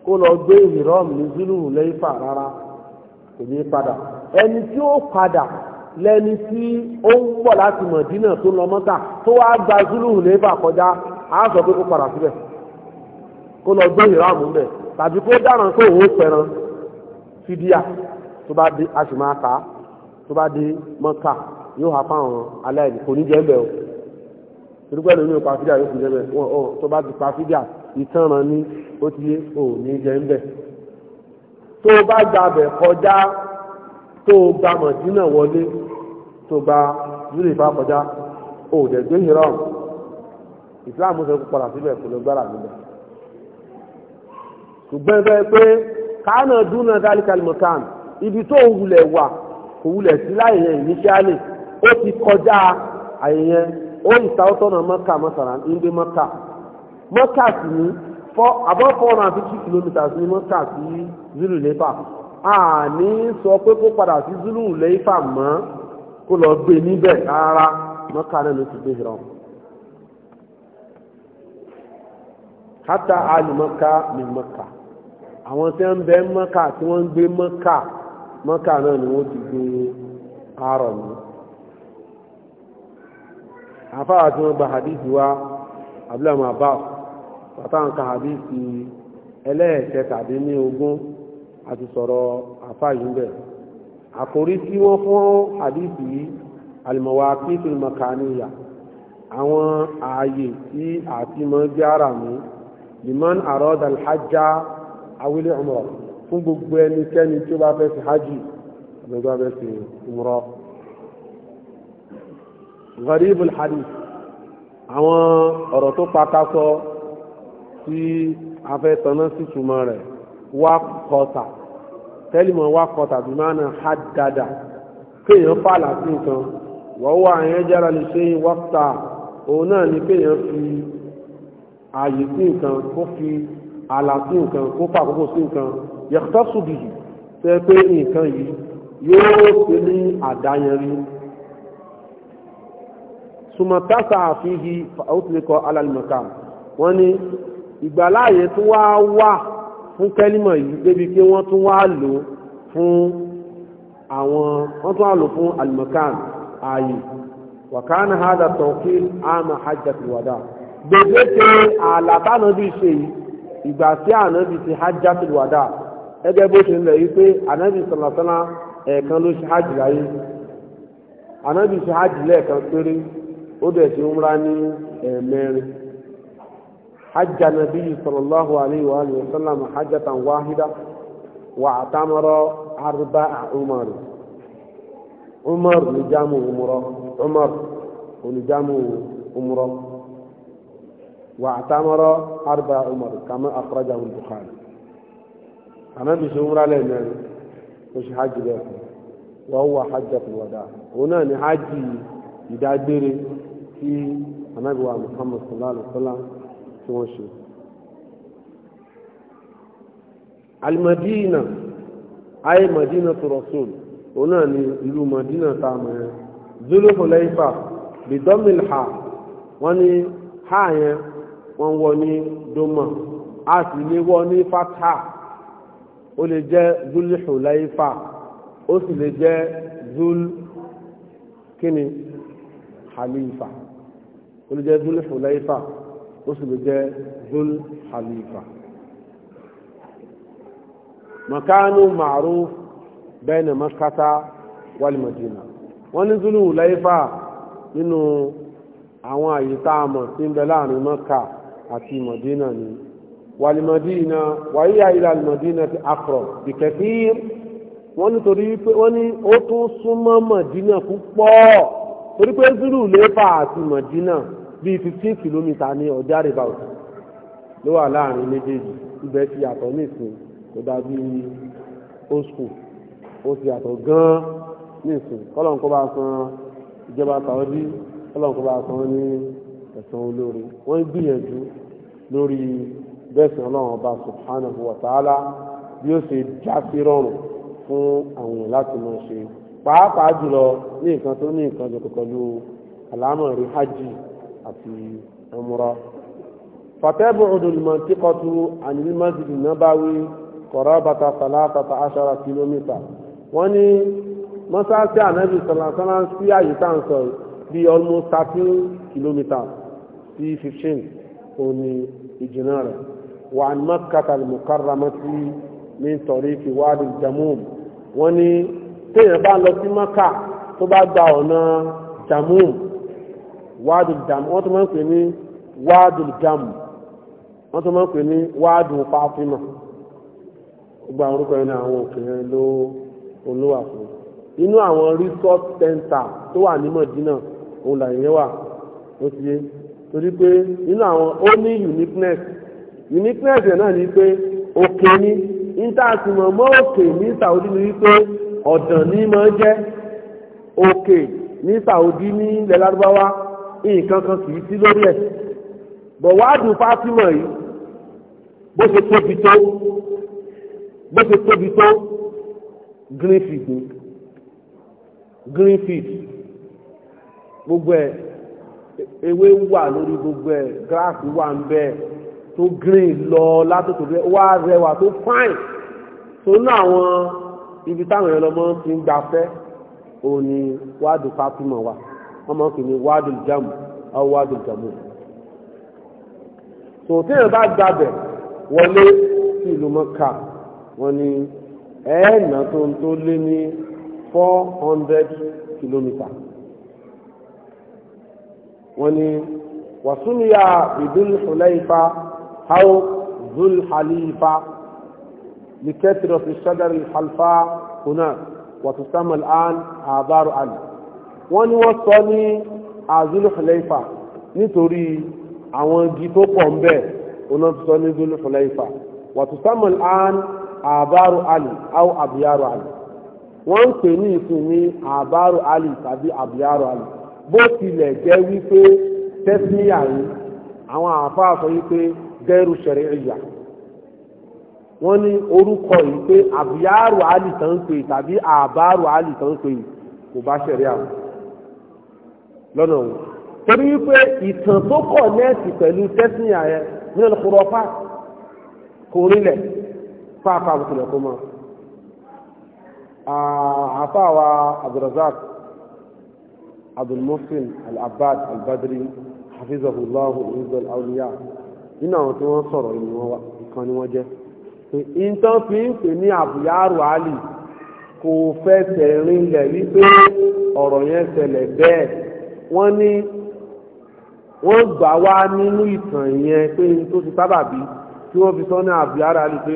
kó lọ gbé ìrọ́m ní zulu lẹ́yìnfà rárá kò ní padà ẹni tí ó padà lẹ́ni tí ó ń bọ̀ láti mọ̀dínà tó lọ gba zulu lẹ́yìnfà kọjá á sọ pé kó padà síbẹ̀ kó lọ gbé bẹ̀ tàbí kó dáràn pé òun fídíà tó bá dé a sì máa ta tó bá dé mọ́ta yóò ha fáwọn aláìní kò ní jẹ́ bẹ́ẹ̀ o torípé ẹ̀rọ ní ìpa fídíà yóò fi jẹ́ bẹ́ẹ̀ wọ́n ọ tó bá ti pa fídíà ìtanràn ní ó ti yé o ní jẹ́ ń bẹ̀ tó bá gbàbẹ̀ kọjá tó gba mọ̀dínà wọlé tó gba zúrìfà kọjá ò dẹ̀ gbé hìrọ̀m ìsìláàmù sọ pé padà síbẹ̀ kò lè gbára níbẹ̀ ṣùgbọ́n bẹ́ẹ̀ pé kánà dúnà dáríkà mọ̀kán ibi tó ń wulẹ̀ wà kò wulẹ̀ sí láyé yẹn ó ti kọjá àyè yẹn ó ìtàwọ́tọ̀nà mọ́kà mọ́sàrán ìgbé mọ́kà mọ́kà sí ní abọ́ four hundred and km kilometres ní mọ́kà sí zulu lefa sọ pé kó padà sí zulu lefa mọ́ kó lọ gbé níbẹ̀ rárá mọ́kà náà àwọn tí wọ́n bẹ mọ́kà tí wọ́n ń gbé mọ́kà mọ́kà náà ni wọ́n ti gbé àárọ̀ mi àfáà tí wọ́n gba hadith wa abúlẹ̀mọ̀ àbá bàtà ń ka hadith ẹlẹ́ẹ̀kẹ́ tàbí ní ogún àti sọ̀rọ̀ àfáà yìí bẹ̀ àkórí tí wọ́n fún hadith yìí al-mawaqit al àwọn ààyè tí àti mọ́ gbé ara mi liman arad awilé umra fún gbogbo ẹnikẹ́ni tí ó bá fẹ́ sí hajj àbí tó bá fẹ́ sí umra. gharibul hadith àwọn ọ̀rọ̀ tó pakasọ tí a fẹ́ tanná sí túmọ̀ rẹ̀ wá kọta tẹ́lìmọ̀ wá kọta bí máa na ha dada kéèyàn fàlà sí nǹkan wọ́n wá àyẹ́ jára lè ṣe wọ́pta òun náà ni kéèyàn fi ààyè sí nǹkan kó fi àlà sí nǹkan kó pàkókò sí nǹkan yẹtọ́sù bìyì tó yẹ pé nǹkan yìí yóò ṣe ní àdáyẹrí sùmọ̀tàṣà àfihì àwùtìlẹ́kọ̀ alálìmọ̀ká wọ́n ní ìgbàláàyè tó wá wà fún kẹ́límọ̀ yìí débi pé wọ́n tún wá lò fún àwọn wọ́n tún wá lò fún alìmọ̀ká ààyè wàkánà hádà tọ̀kí àmà hajjati wàdà gbèdéke àlàbánà bí ṣe yìí ìgbà tí ànábì ti hajjatul wada gẹ́gẹ́ bó ṣe ń lẹ̀ yí pé ànábì sọ̀làsọ́lá ẹ̀ẹ̀kan ló ṣe hajj láyé ànábì ṣe hajj lẹ́ẹ̀kan péré ó dẹ̀ ṣe umra ní ẹ̀ẹ̀mẹrin hajj ànábì sallallahu alayhi wa alihi wa sallam hajjatan àtàmọ́rọ́ arba'a umar umar ní jámù umrọ umar ní واعتمر أربع عمر كما أخرجه البخاري أنا بشمرة لمن مش حج لكم وهو حجة الوداع هنا نحجي يدادري في النبي محمد صلى الله عليه وسلم شو؟ المدينة أي مدينة الرسول هنا نلو مدينة تامة ذو الحليفة بضم الحاء وني حاء wọ́n wọ ní doma a sì lè wọ ní fatha ó lè jẹ́ zulhulayfa ó sì lè jẹ́ zul kíni halifa ó lè jẹ́ zulhulayfa ó sì lè jẹ́ zul halifa makanu ma'ruf bẹ́ẹ̀ni makata walimadina wọ́n ní zulhulayfa nínú àwọn àyíká àmọ̀ tí láàrin mọ́ka àti Madina ni wàlìmọ̀dínà wàyíyá ilà Madina ti aqrab bìkẹ́tì wọ́n nítorí pé wọ́n ní ó tún súnmọ́ Madina púpọ̀ torí pé zulu lẹ́fà àti Madina bíi fifteen kilometre ní ọjà rìbáwò ló wà láàrin méjèèjì ibẹ̀ ti yàtọ̀ nísìn kò dàbí old ó ti yàtọ̀ gan-an nísìn kọ́lọ̀ ń kó bá san ìjọba Saudi kọ́lọ̀ ń kó bá san ní ẹ̀sán olóore wọ́n ń gbìyànjú lórí bẹ́ẹ̀sìn ọlọ́run ọba subhanahu wa ta'ala bí ó ṣe já sí rọrùn fún àwọn èèyàn láti máa ṣe pàápàá jùlọ ní nǹkan tó ní nǹkan jọ pẹ̀lú àlámọ̀rí hajj àti umrah fàtẹ́bù ọdúnlùmọ̀ tí kọtù ànílímọ́sílì nábáwí kọ̀rọ̀bàtà sàlátàtà aṣára kìlómítà wọ́n ní mọ́sáàsì ànábì sàlásánà sí àyíká ń sọ bí almost thirteen kilometers p15 òní ìjìnà rẹ̀ wà ní Makkah al-Mukarramati min tariqi Wadi al-Jamum wọ́n ní téèyàn bá lọ sí Mákà tó bá gba ọ̀nà Jamum Wadi al-Jamum wọ́n tó máa ń pè ní Wadi al-Jamum wọ́n tó máa ń pè ní Wadi Fatima gbogbo àwọn orúkọ yẹn ní àwọn òkèèrè ló olówà fún inú àwọn resort center tó wà ní Mọ̀dínà òun làyẹn wà ó ti yé torí pé nínú àwọn ó ní uniqueness uniqueness yẹn náà ni pé òkè ni intasimọ̀ mọ́ òkè ní Saudi ni wípé ọ̀dàn ní mọ́ jẹ́ òkè ní Saudi ní ilẹ̀ lárúbáwá nǹkan kan kì í sí lórí ẹ̀ bọ̀wádùn Fátímọ̀ yìí bó ṣe tóbi tó bó ṣe tóbi tó greenfield ni greenfield gbogbo ẹ̀ ewé wà lórí gbogbo ẹ̀ gíráàsì wà ń bẹ tó green lọ látòkò rẹ wá rẹwà tó fine tó ní àwọn ibi táwọn èèyàn lọmọ ti ń gbafẹ́ òun ni wádùú fátímọ̀ wa wọ́n máa ń pè ní wádùú jàmù àwọn wádùú jàmù tò tí èèyàn bá gbàbẹ̀ wọlé sí ìlú mọ́kà wọn ni ẹ̀ẹ́nà tó ń tó lé ní four hundred kilometres wọ́n ní wàsúnìyà bidul hulayfa aw zul halifa likẹ́tìrọ̀ fi ṣẹ́dárì halfa kuna wàtúsámà al'an àbárò àlè wọ́n ní wọ́n sọ ní azul hulayfa nítorí àwọn igi tó pọ̀ ń bẹ ọ̀nà tó sọ ní zul hulayfa wàtúsámà al'an àbárò àlè aw àbíyárò àlè wọ́n ń pè ní ìsìn ní àbárò àlè tàbí àbíyárò àlè bó tilẹ̀ jẹ́ wípé tẹ́sílíà ń àwọn àáfàá sọ wípé gẹ́rù ṣẹ̀rẹ̀ ìyà wọ́n ní orúkọ yìí pé àbíyárò àlìtàn pè tàbí àbárò àlìtàn pè kò bá ṣẹ̀rẹ̀ àwọn lọ́nà òun torí wípé ìtàn tó kọ̀ nẹ́ẹ̀sì pẹ̀lú tẹ́sílíà yẹn ní ọ̀nàkùnrin ọ̀pá kò rílẹ̀ fáfáà kò tilẹ̀ kó mọ́ àáfàá wa Abdulrazak Abdul Muhsin Al-Abbad Al-Badri hafizahullahu ibn awliya nínú àwọn tí wọ́n sọ̀rọ̀ ìlú wọn kan ni wọ́n jẹ́ pé intan fi ń pè ní àbúyárò àlì kò fẹsẹ̀ rinlẹ̀ wípé ọ̀rọ̀ yẹn ṣẹlẹ̀ bẹ́ẹ̀ wọ́n ní wọ́n gbà wá nínú ìtàn yẹn pé n tó ti sábàbí tí wọ́n fi sọ ní àbúyárò àlì pé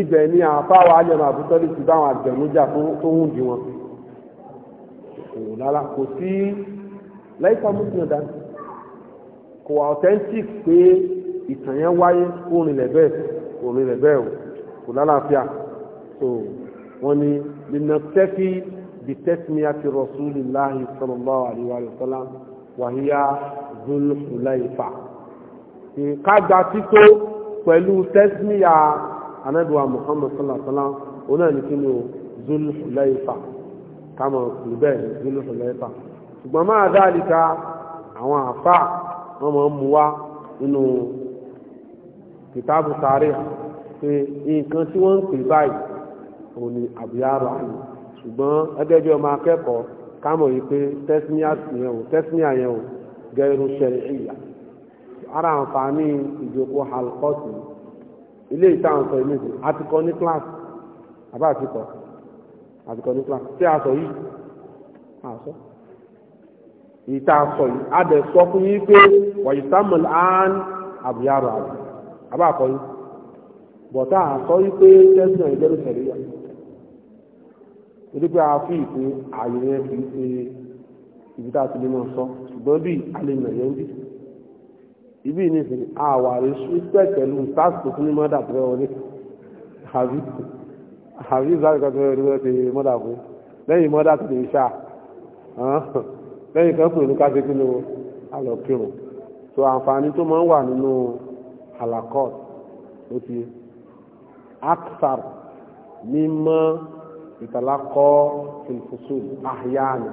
ibẹ̀ ni àfáwọ̀ àjẹmọ̀ àbútọ́lì ti báwọn àjẹmújà tó hùn jí wọn kò lára kò sí láìsá muslim dání kò authentic pé ìtàn yẹn wáyé kó rinlẹ̀ bẹ́ẹ̀ kò rinlẹ̀ bẹ́ẹ̀ o kò lálàáfíà so wọ́n ní lina tẹ́kì bí tẹ́sìmíyà ti rasulillahi sallallahu alaihi wa sallam wàhíyá zulhulaifa ìkájà tító pẹ̀lú tẹ́sìmíyà anabiwa muhammad sallallahu alaihi wa sallam onáà ní kí ni o zulhulaifa kámọ̀ níbẹ̀ nínú sọ̀lẹ́fà ṣùgbọ́n máa dáàlìka àwọn àfà wọ́n máa ń mú wá nínú kìtàbù sáré pé nǹkan tí wọ́n ń pè báyìí òun ni àbíyára ni ṣùgbọ́n ẹgbẹ́ bí ọmọ akẹ́kọ̀ọ́ kámọ̀ yìí pé tẹ́síníà yẹn o tẹ́síníà yẹn o gẹ́rù ṣẹlẹ̀ ìyà ara àǹfààní ìjókòó halkọ́tì ilé ìtàn sọ ìmìtì àtikọ́ ní kíláàsì àbá àtìkọ́ ní plan tí a sọ yìí a sọ yìí tá a sọ yìí a dẹ̀ sọ fún yín pé wàyí samuel an abuyaro àbí àbá àkọ́ yìí bọ̀tá a sọ yìí pé tẹ́sán náà ìjẹ́rù sẹ̀rí yà torí pé a fi ìpè ààyè yẹn fi ṣe ibi tá a ti lè mọ̀ sọ ṣùgbọ́n bí alẹ́ nà yẹn bí ibi ìnísìn àwàrí ṣúpẹ́ pẹ̀lú sáàsì tó fún ní mọ́dà tó fẹ́ wọlé àbí àbí ìsáàrì kan tó yẹ lóṣẹ́ ti mọ́dà fún lẹ́yìn mọ́dà tó lè ṣá lẹ́yìn kan pè ní káṣí kí ló alọ kírun tó àǹfààní tó máa ń wà nínú alakọ́t ló ti aksar mímọ́ ìtàlákọ́ ìfúsù àyáàni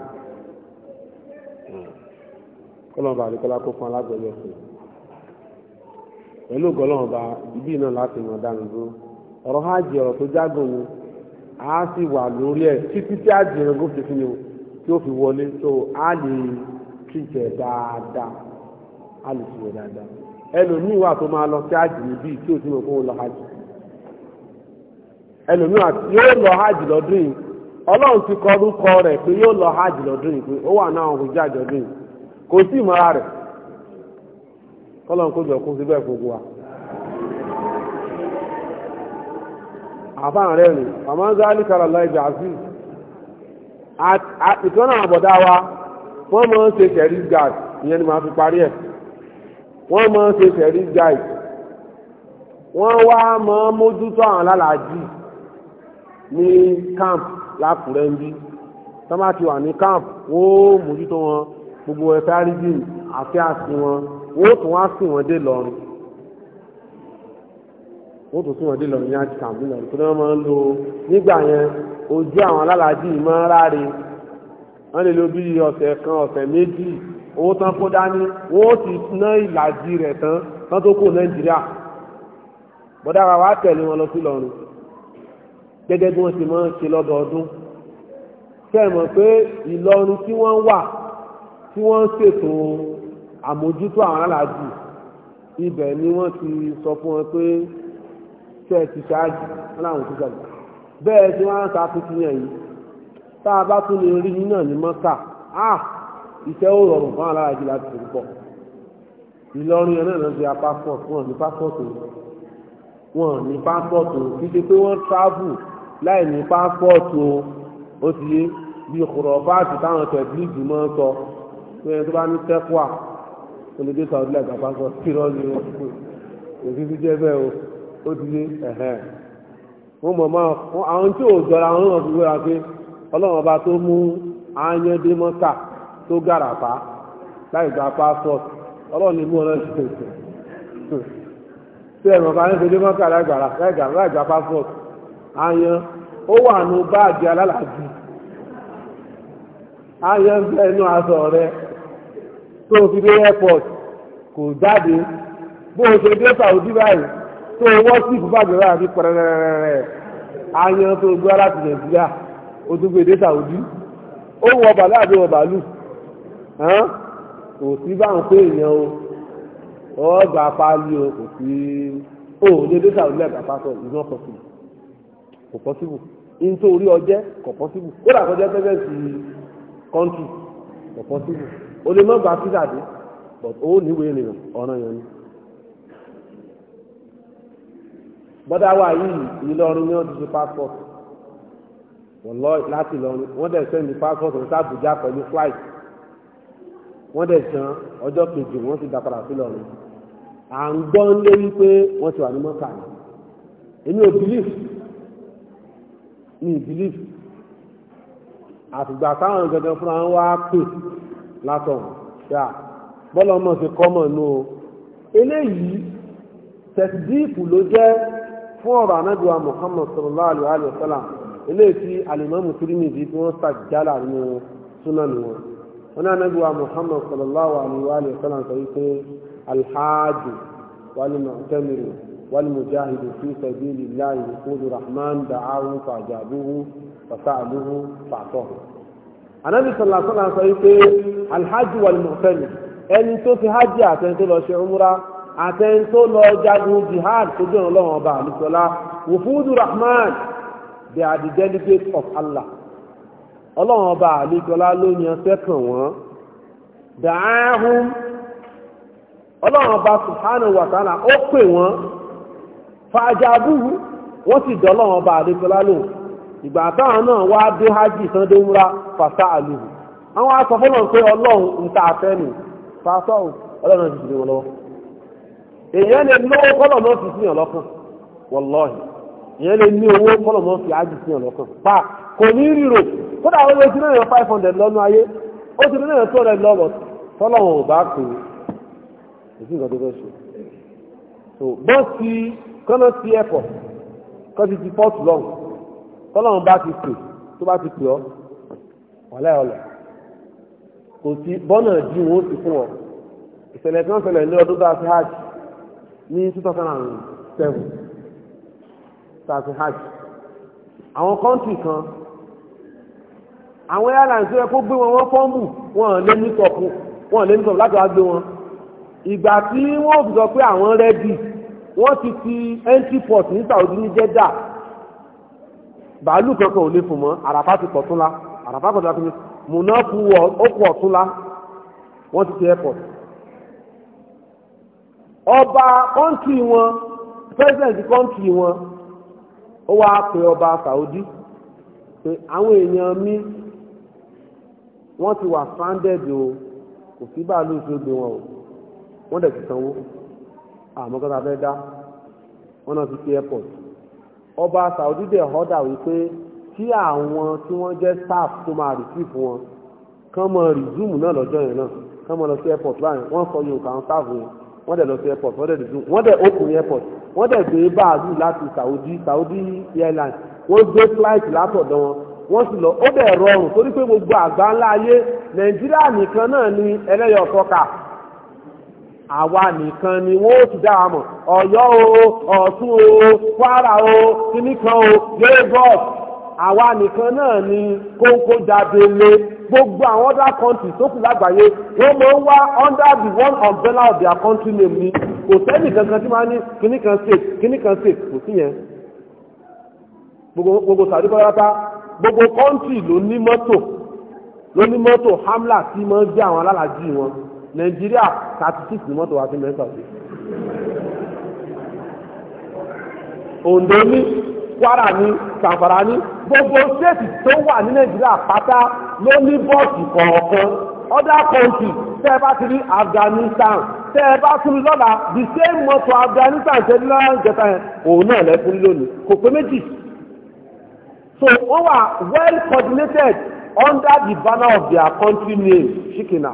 kọlọ́ọ̀bà àdìkọ́lá kó fún alágbẹ̀yẹ̀ fún pẹ̀lú gọlọ́ọ̀bà ibi náà láti mọ̀ dánu dúró ọ̀rọ̀ hajj ọ̀rọ̀ tó jágò wo a sì wà lórí ẹ̀ títí tí àjì rẹ̀ gòkè fún o tí ó fi wọlé tó a lè tìjẹ̀ dáadáa a lè tìjẹ̀ dáadáa ẹlòmíì wà tó máa lọ sí àjì níbí tí ò sí mọ̀ fún lọ ẹlòmíì wà yóò lọ hajj lọ́dún yìí ọlọ́run ti kọ orúkọ rẹ̀ pé yóò lọ lọ́dún yìí pé ó wà náà jáde ọdún yìí kò sí ìmọ̀ra rẹ̀ kó jọ kó síbẹ̀ àfáàn rẹ̀ rìn ọmọ zálí kàrà lọ ìjà sí ìtọ́nà àbọ̀dá wa wọ́n mọ́ ń ṣe tẹ̀rí guard ìyẹn ni màá fi parí ẹ̀ wọ́n mọ́ ń ṣe tẹ̀rí guide wọ́n wá mọ́ mójútó àwọn alálàájì ní camp lákùrẹ́ ń bí tọ́mà ti wà ní camp wọ́n mójútó wọn gbogbo ẹ̀fẹ́ àríjì àfẹ́ àsìn wọn wọ́n tún wá sìn wọn dé lọ́rùn wọ́n tún sún wọn dé lọ́rùn ní àti kàmú lọ́rùn tó ní wọ́n máa ń lo nígbà yẹn ojú àwọn alálàájì máa ń ráre wọ́n lè lo bíi ọ̀sẹ̀ kan ọ̀sẹ̀ méjì owó tán kó dání wọ́n ti ná ìlàjì rẹ̀ tán tán tó kó nàìjíríà bọ́dá wa wá tẹ̀lé wọn lọ sí lọ́rùn gẹ́gẹ́ bí wọ́n ti máa ń ṣe lọ́dọọdún fẹ́ẹ̀mọ̀ pé ìlọrin tí wọ́n wà tí wọ́n ń ṣètò àmójútó àwọn alálàájì ibẹ̀ ni wọ́n ti sọ fún wọn pé tẹ́ ẹ ti ṣáájú wọn láwọn tó gbàgbà bẹ́ẹ̀ tí wọ́n á ta akitiyan yìí tá a bá tún lè rí yín náà ní mọ́kà á ìṣẹ́ ó rọrùn fún alára jù láti fi pọ̀ Ìlọrin yẹn náà lọ sí apáfọ́ọ̀t wọn ní páfọ́ọ̀tù wọn ní páfọ́ọ̀tù kí ṣe pé wọ́n travel láì ní páfọ́ọ̀tù ó ti yé bí ìkọ̀rọ̀ fáàtì táwọn tẹ̀blíìgì máa ń sọ pé ẹni tó bá ní tẹ́kọ̀ọ́ olùdé sàwọ́dí lẹ́gbàá pápọ̀ kí lọ́ọ́ ní òfin fi jẹ́ bẹ́ẹ̀ o ó ti yé ẹ̀hẹ́n wọ́n mọ̀ máa àwọn tí ò jọra wọn náà fi wéra pé ọlọ́run ọba tó mú ayándémọ́kà tó gàràpá láì gba passport ọlọ́run lè mú ọ̀rọ̀ ṣèṣe tí ẹ̀rọ ọba ní ṣèdé mọ́kà láì gba passport ayan ó wà nù báàgì alálàájì ayan ẹnu aṣọ rẹ tó fi dé airport kò jáde bó o ṣe dé Saudi báyìí tó wọ́n sì fún bàjọ́rà àti pẹ̀rẹ̀rẹ̀rẹ̀ ayan tó gbọ́ láti nàìjíríà ó tún gbé dé sàwùdí ó wọ bàlá àti wọ bàálù kò sí báwọn pé èèyàn o ọgbà pálí o kò sí ó lè dé sàwùdí àgbà pásọ ìgbọ́n pọ̀sibù kò pọ̀sibù nítorí ọjẹ́ kò pọ̀sibù kódà kọjá tẹ́lẹ̀ sí kọ́ńtù kò pọ̀sibù o lè mọ́ gba físà dé but ó níwèé nìyẹn ọ̀ràn yẹn ni. bọ́dá wà yìí Ìlọrin ni wọ́n ti ṣe passport wọ́n lọ láti Ìlọrin wọ́n dẹ̀ sẹ́ni passport rẹ̀ sábùjá pẹ̀lú flight wọ́n dẹ̀ sàn ọjọ́ kejì wọ́n ti dàpadà sí Ìlọrin à ń gbọ́ ń lé wípé wọ́n ti wà ní mọ́kà ní èmi ò believe mi ì believe àtìgbà táwọn gẹ̀gẹ̀ fúnra ń wá pè látọ̀ ṣáà bọ́lá ọmọ ti kọ́ mọ̀ nù o eléyìí tẹ̀sídìpù ló jẹ́ fún ọ̀rọ̀ anábìwá muhammad sallallahu alayhi wa sallam ilé tí alimami tirimidi tí wọ́n sàjálà nínú súnánù wọn wọn anábìwá muhammad sallallahu alayhi wa sallam sọ wípé alhaaju walimu'tamiru walimujahidu fi sabilillahi yusufu rahman da'ahu fàjàbùhù fàsàlùhù fàtọhù. anábì sallallahu alayhi wa sallam sọ wípé alhaaju walimu'tamiru ẹni tó fi hajj àtẹni lọ ṣe umra àtẹni tó lọ jagun jihad tó dùn ọlọ́run ọba àlùsọ́lá wùfúdù rahman they are the delegates of allah ọlọ́run ọba àlùsọ́lá ló yan sẹ́kàn wọ́n dàáhùn ọlọ́run ọba subhanahu wa ó pè wọ́n fàjàbù wọ́n sì dọ́lọ́run ọba àlùsọ́lá lò ìgbà táwọn náà wá dé hajj àwọn pé ọlọ́run ń ta nù ọlọ́run ti dìde wọn èèyàn lè lówó kọ́lọ̀ náà fi síyàn lọ́kàn wọlọ́ọ̀hì èèyàn lè ní owó kọ́lọ̀ náà fi ájú síyàn lọ́kàn pa kò ní ríro kódà àwọn ohun tí náà five hundred lọ́nu ayé ó ti ní náà two hundred lọ́wọ́ tọ́lọ́wọ̀n ò bá pè é èsì nǹkan tó fẹ́ ṣe so bọ́n ti kọ́nà sí ẹ̀fọ̀ kọ́ ti ti port long tọ́lọ́wọ̀n bá ti pè tó bá ti pè ọ́ ọ̀lẹ́ ọ̀lẹ́ kò sí bọ́nà dín wọn ó ti fún ọ ìṣẹ̀lẹ̀ tí wọ́n ṣẹlẹ̀ ní ọdún bá ti hajj ní 2007 tàbí hajj àwọn kọ́ntì kan àwọn airlines tó yẹ kó gbé wọn wọ́n fọ́ọ̀mù wọn lé ní tọ̀pù wọn lé ní tọ̀pù láti wá gbé wọn ìgbà tí wọ́n fi sọ pé àwọn rẹ́dì wọ́n ti fi entry port ní Saudi ní Jeddah bàálù kankan ò lè fò mọ́ àràfá ti pọ̀ túnla àràfá kan tó wá fi mú náà kú ọkọ̀ ọ̀túnla wọ́n ti fi airport ọba kọ́ńtì wọn pẹ́sidẹ̀ntì kọ́ńtì wọn ó wá pe ọba Saudi pé àwọn èèyàn mi wọ́n ti wà stranded o kò sí bàálù tí ó gbé wọn o wọ́n dẹ̀ ti sanwó àmọ́ kọ́ta fẹ́ dá wọ́n náà ti fi airport ọba Saudi dẹ̀ họ́dà wípé tí àwọn tí wọ́n jẹ́ staff tó máa receive wọn kán mọ resume náà lọ́jọ́ yẹn náà kán mọ lọ sí airport báyìí wọ́n sọ yóò kàn staff yẹn wọ́n dẹ̀ lọ sí airport wọ́n dẹ̀ dùn wọ́n dẹ̀ open airport wọ́n dẹ̀ gbé báàlù láti Saudi Saudi Airlines wọ́n gbé flight látọ̀dọ̀ wọn wọ́n sì lọ ó dẹ̀ rọrùn torí pé gbogbo àgbá ńlá ayé Nàìjíríà nìkan náà ni ẹlẹ́yọ̀ tọ́ka àwa nìkan ni wọ́n ó ti dá àmọ̀ Ọ̀yọ́ o Ọ̀ṣun o Kwara o kìnnìkan o Lagos àwa nìkan náà ni kóńkó jáde lé gbogbo àwọn other countries tó kù lágbàáyé wọ́n máa ń wá under the one umbrella of their country name ni kò sẹ́ni kankan tí máa ní kíní kan state kíní kan state kò sí yẹn gbogbo sàdé pátápátá gbogbo country ló ní mọ́tò ló ní mọ́tò hamla tí máa ń gbé àwọn alálàájì wọn nàìjíríà thirty six ní mọ́tò wa fi mẹ́ta sí. Ondo ní Kwara ni Zamfara ní gbogbo stéètì tó wa ni nigeria pátá ló ní bọ́ọ̀sì kọ̀ọ̀kan other country tẹ́ ti Afghanistan tẹ́ ẹ bá tún lọ́la same moto Afghanistan ṣe ní lọ́la ìjẹta yẹn òun náà lẹ́kùn lónìí kò pé méjì so wọ́n wà well coordinated under the banner of their country name shikina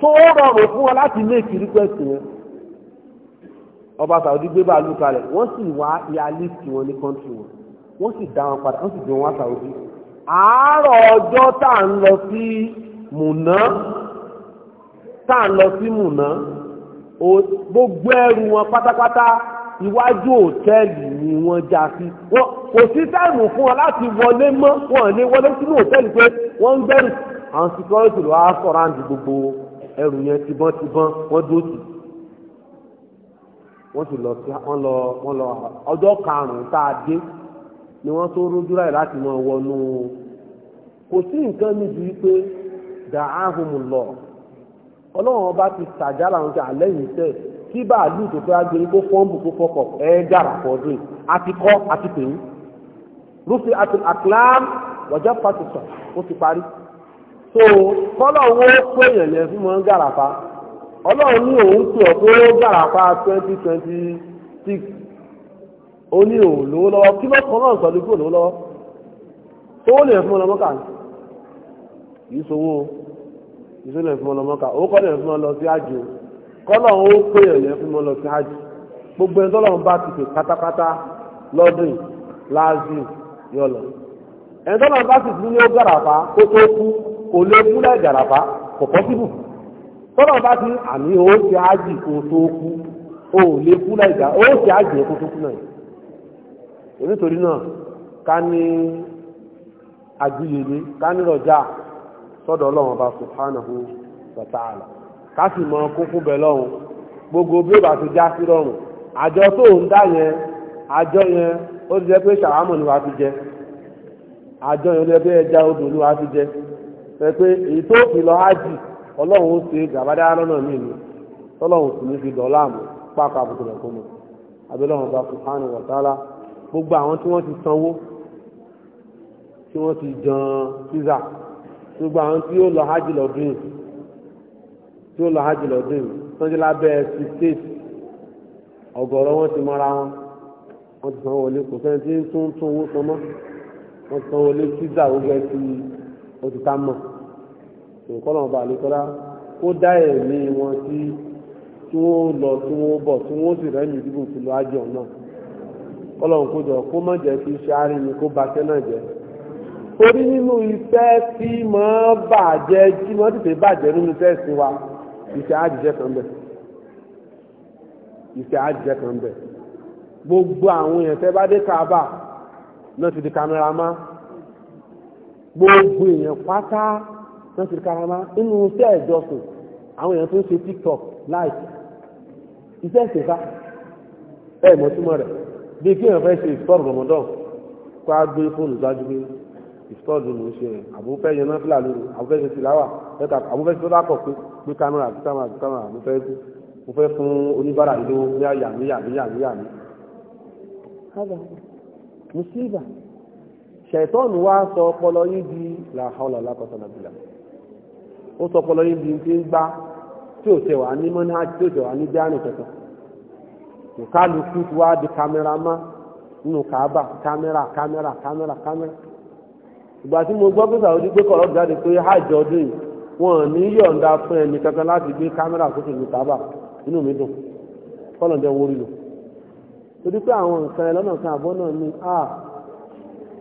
so ó rọrùn fún wọn láti make request yẹn. ọba Saudi gbé bàálù kalẹ̀ wọ́n sì wá ìyálìtì wọn ní kọ́ńtì wọn wọ́n sì dá wọn padà wọ́n sì dùn wọn Saudi àárọ̀ ọjọ́ tá à ń lọ sí mùná tá à ń lọ sí mùná gbogbo ẹrù wọn pátápátá iwájú òtẹ́ẹ̀lì ni wọ́n já sí wọn kò sí táìmù fún wọn láti wọlé mọ́ wọn ní wọlé sínú òtẹ́ẹ̀lì pé wọ́n ń bẹ̀rù àwọn security lọ́wọ́ sọ̀rọ̀ àǹdí gbogbo ẹrù yẹn tibọ́ntibọ́n wọ́n dúró sí i wọ́n sì lọ sí wọ́n lọ wọ́n lọ ọjọ́ karùn-ún tá a dé ni wọ́n tó rójú ráì láti mọ wọnú kò sí nǹkan níbi pé dàáhùnmù lọ ọlọ́run ọba ti tàjà làwọn ti àlẹ́yìn tẹ̀ kí báàlú tó fẹ́ agbẹ́yìn kó fọ́ǹbù kó fọkọ̀ ẹ dára fọ́dún àti kọ́ àti pè é rúfin àti àkìlám wọ́jà pàṣẹ sọ ó ti parí so kọ́lọ̀ wo péyàn yẹn fún mọ́ ń gàràfà ọlọ́run ní òun pè ọ́ pé ó gbà twenty twenty six ó ní òun lówó lọ́wọ́ kí ló náà sọ̀rọ̀ kúrò lówó lọ́wọ́ owó lè fún ọlọ́mọ́kà yìí sowó yìí sowó lè fún ọlọ́mọ́kà owó kọ́ lè fún ọ lọ sí àjò kọ́lọ̀ ó pè ọ́ lè fún ọ lọ sí àjò gbogbo ẹni tọ́lọ́run bá ti pè pátápátá lọ́dún láàzì yọlọ ẹni tọ́lọ́run bá ti fún ní ó gàràfà kó tó kú kò lè tọ́lọ̀ bá ti àmì ó ṣe ájì kó tó kú ó lè kú láìjà ó ṣe ájì kó tó kú náà náà ká ní àjúyèlé ká ní rọjá sọ́dọ̀ ọlọ́run ọba subhanahu wa ká sì mọ kókó bẹ̀ lọ́run gbogbo bí ó bá ti já sí rọrùn àjọ tó ń dá yẹn àjọ yẹn ó ti pé ni wàá ti jẹ àjọ ọlọ́run ó ṣe gàbádá lọ́nà míì ni tọ́lọ́run sì ní fi dọ̀ọ́lá àmọ́ pápá àbùkù rẹ̀ fún mi abẹ́lọ́run bá subhanahu wa ta'ala gbogbo àwọn tí wọ́n ti sanwó tí wọ́n ti jan pizza gbogbo àwọn tí ó lọ hajj lọ́dún tí ó lọ hajj lọ́dún sanjẹ́ lábẹ́ ti state ọ̀gọ̀rọ̀ wọn ti mọ́ra wọn wọ́n ti sanwó wọlé kò sẹ́ni tí ń tún tún owó sanmọ́ wọ́n ti sanwó wọlé pizza gbogbo ẹ ti ó mọ́ nǹkan ọba àlekọ́lá ó dá ẹ̀mí wọn sí tí wọ́n lọ tí wọ́n bọ̀ tí wọ́n sì rẹ́mi ìdìbò sí lọ ájọ náà kọ́lọ́run kó jọ kó má jẹ́ kí iṣẹ́ arìnrìn kó ba iṣẹ́ náà jẹ́ torí nínú iṣẹ́ tí máa bàjẹ́ tí máa tètè bàjẹ́ nínú iṣẹ́ ìsìn wa iṣẹ́ àjíṣẹ́ kan bẹ̀ iṣẹ́ àjíṣẹ́ kan bẹ̀ gbogbo àwọn èèyàn tẹ́ bá dé káàbà náà ti di kámẹ́rámà gbogbo èèyàn pátá tó ń ṣe karama nínú iṣẹ́ ìjọsìn àwọn èèyàn tó ń ṣe tiktok live iṣẹ́ ìṣèfà ẹ̀ mọ̀ túmọ̀ rẹ̀ bí kí èèyàn fẹ́ ṣe ìfọ́rù rọmọdán kó a gbé fóònù sáájú pé ìfọ́rù ló ń ṣe rẹ̀ àbúfẹ́ yẹn náà fìlà lóru àbúfẹ́ ṣe tìláwà mẹ́ta àbúfẹ́ ṣe tọ́lá kọ̀ pé pé kámẹ́rà àti kámẹ́rà àti kámẹ́rà mo fẹ́ mo fẹ́ fún oníbàárà yìí lówó ní àyà mí yà mí yà mí yà mí. hábà mùsíbà ṣẹ̀tọ́nù wa sọ ọpọlọ yìí di làhálà lákọ̀tàn àbílà ó sọ pọlọ yín bí ń gbá tí ò tẹwà ní mọ́nájì tí ò tẹwà ní bíánù kẹ̀kẹ́ kálukú ti wá di kámẹ́rà má nínú kàábà kámẹ́rà kámẹ́rà kámẹ́rà kámẹ́rà ìgbà tí mo gbọ́ pé sàwọ́dí pé kọ̀ọ̀rọ̀ jáde pé hajj ọdún yìí wọn ní yọ̀ǹda fún ẹnì kankan láti gbé kámẹ́rà inú mi dùn kọ́lọ̀ jẹ́ wórí lò torí pé àwọn nǹkan kan àbọ̀ náà ni ah,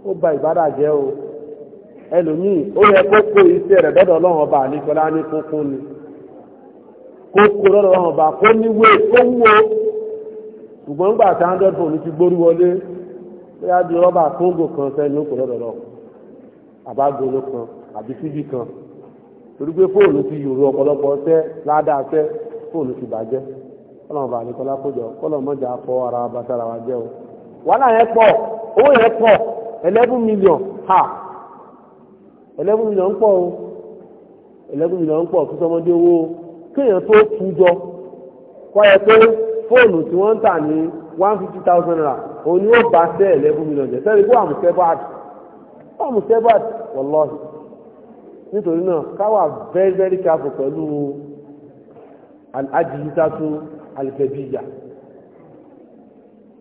ó ba o. ẹlòmíì ó yẹ kó iṣẹ́ rẹ̀ dọ́dọ̀ ọlọ́run ọba àníkọlá ní kókó ni kó dọ́dọ̀ ọlọ́run ọba kó níwé kó wúwo ṣùgbọ́n tí hundred ti wọlé bóyá di rọ́bà kan sẹ́ni ó kó dọ́dọ̀ kan àbí síbí kan torí pé fóònù ti yòrò ọ̀pọ̀lọpọ̀ ṣẹ́ ládàá ṣẹ́ fóònù ti bàjẹ́ o wàhálà yẹn ha eleven million ń pọ̀ o eleven million ń pọ̀ fún sọmọdé owó kéèyàn tó tu jọ kọ́ pé fóònù tí wọ́n ń tà ní one fifty thousand naira òun ni ó bá sẹ́ eleven million jẹ sẹ́ni kó àmùsẹ́ bá àdì àmùsẹ́ bá àdì nítorí náà ká very very careful pẹ̀lú àjìyítàtú àlùkẹ́bíyà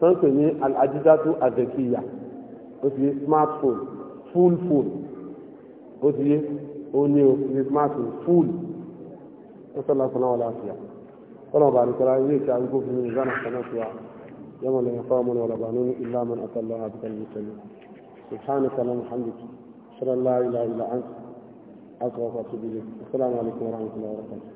tó ń pè ní àjìyítàtú àzẹ̀kíyà ó sì smartphone full phone ó ti yé ó ní o christmas fúl mọ́sálà sọ́nà wà láàfíà ọ̀nà ọba àdìsọ́lá ilé ìta àdúgbò fún mi gánà sọ́nà sí wa yọmọ lẹ́yìn fáwọn ọmọ ọ̀rọ̀ bàánú ilá mọ́n àtàlọ́ àdìsọ́ sallallahu alaihi wa sallam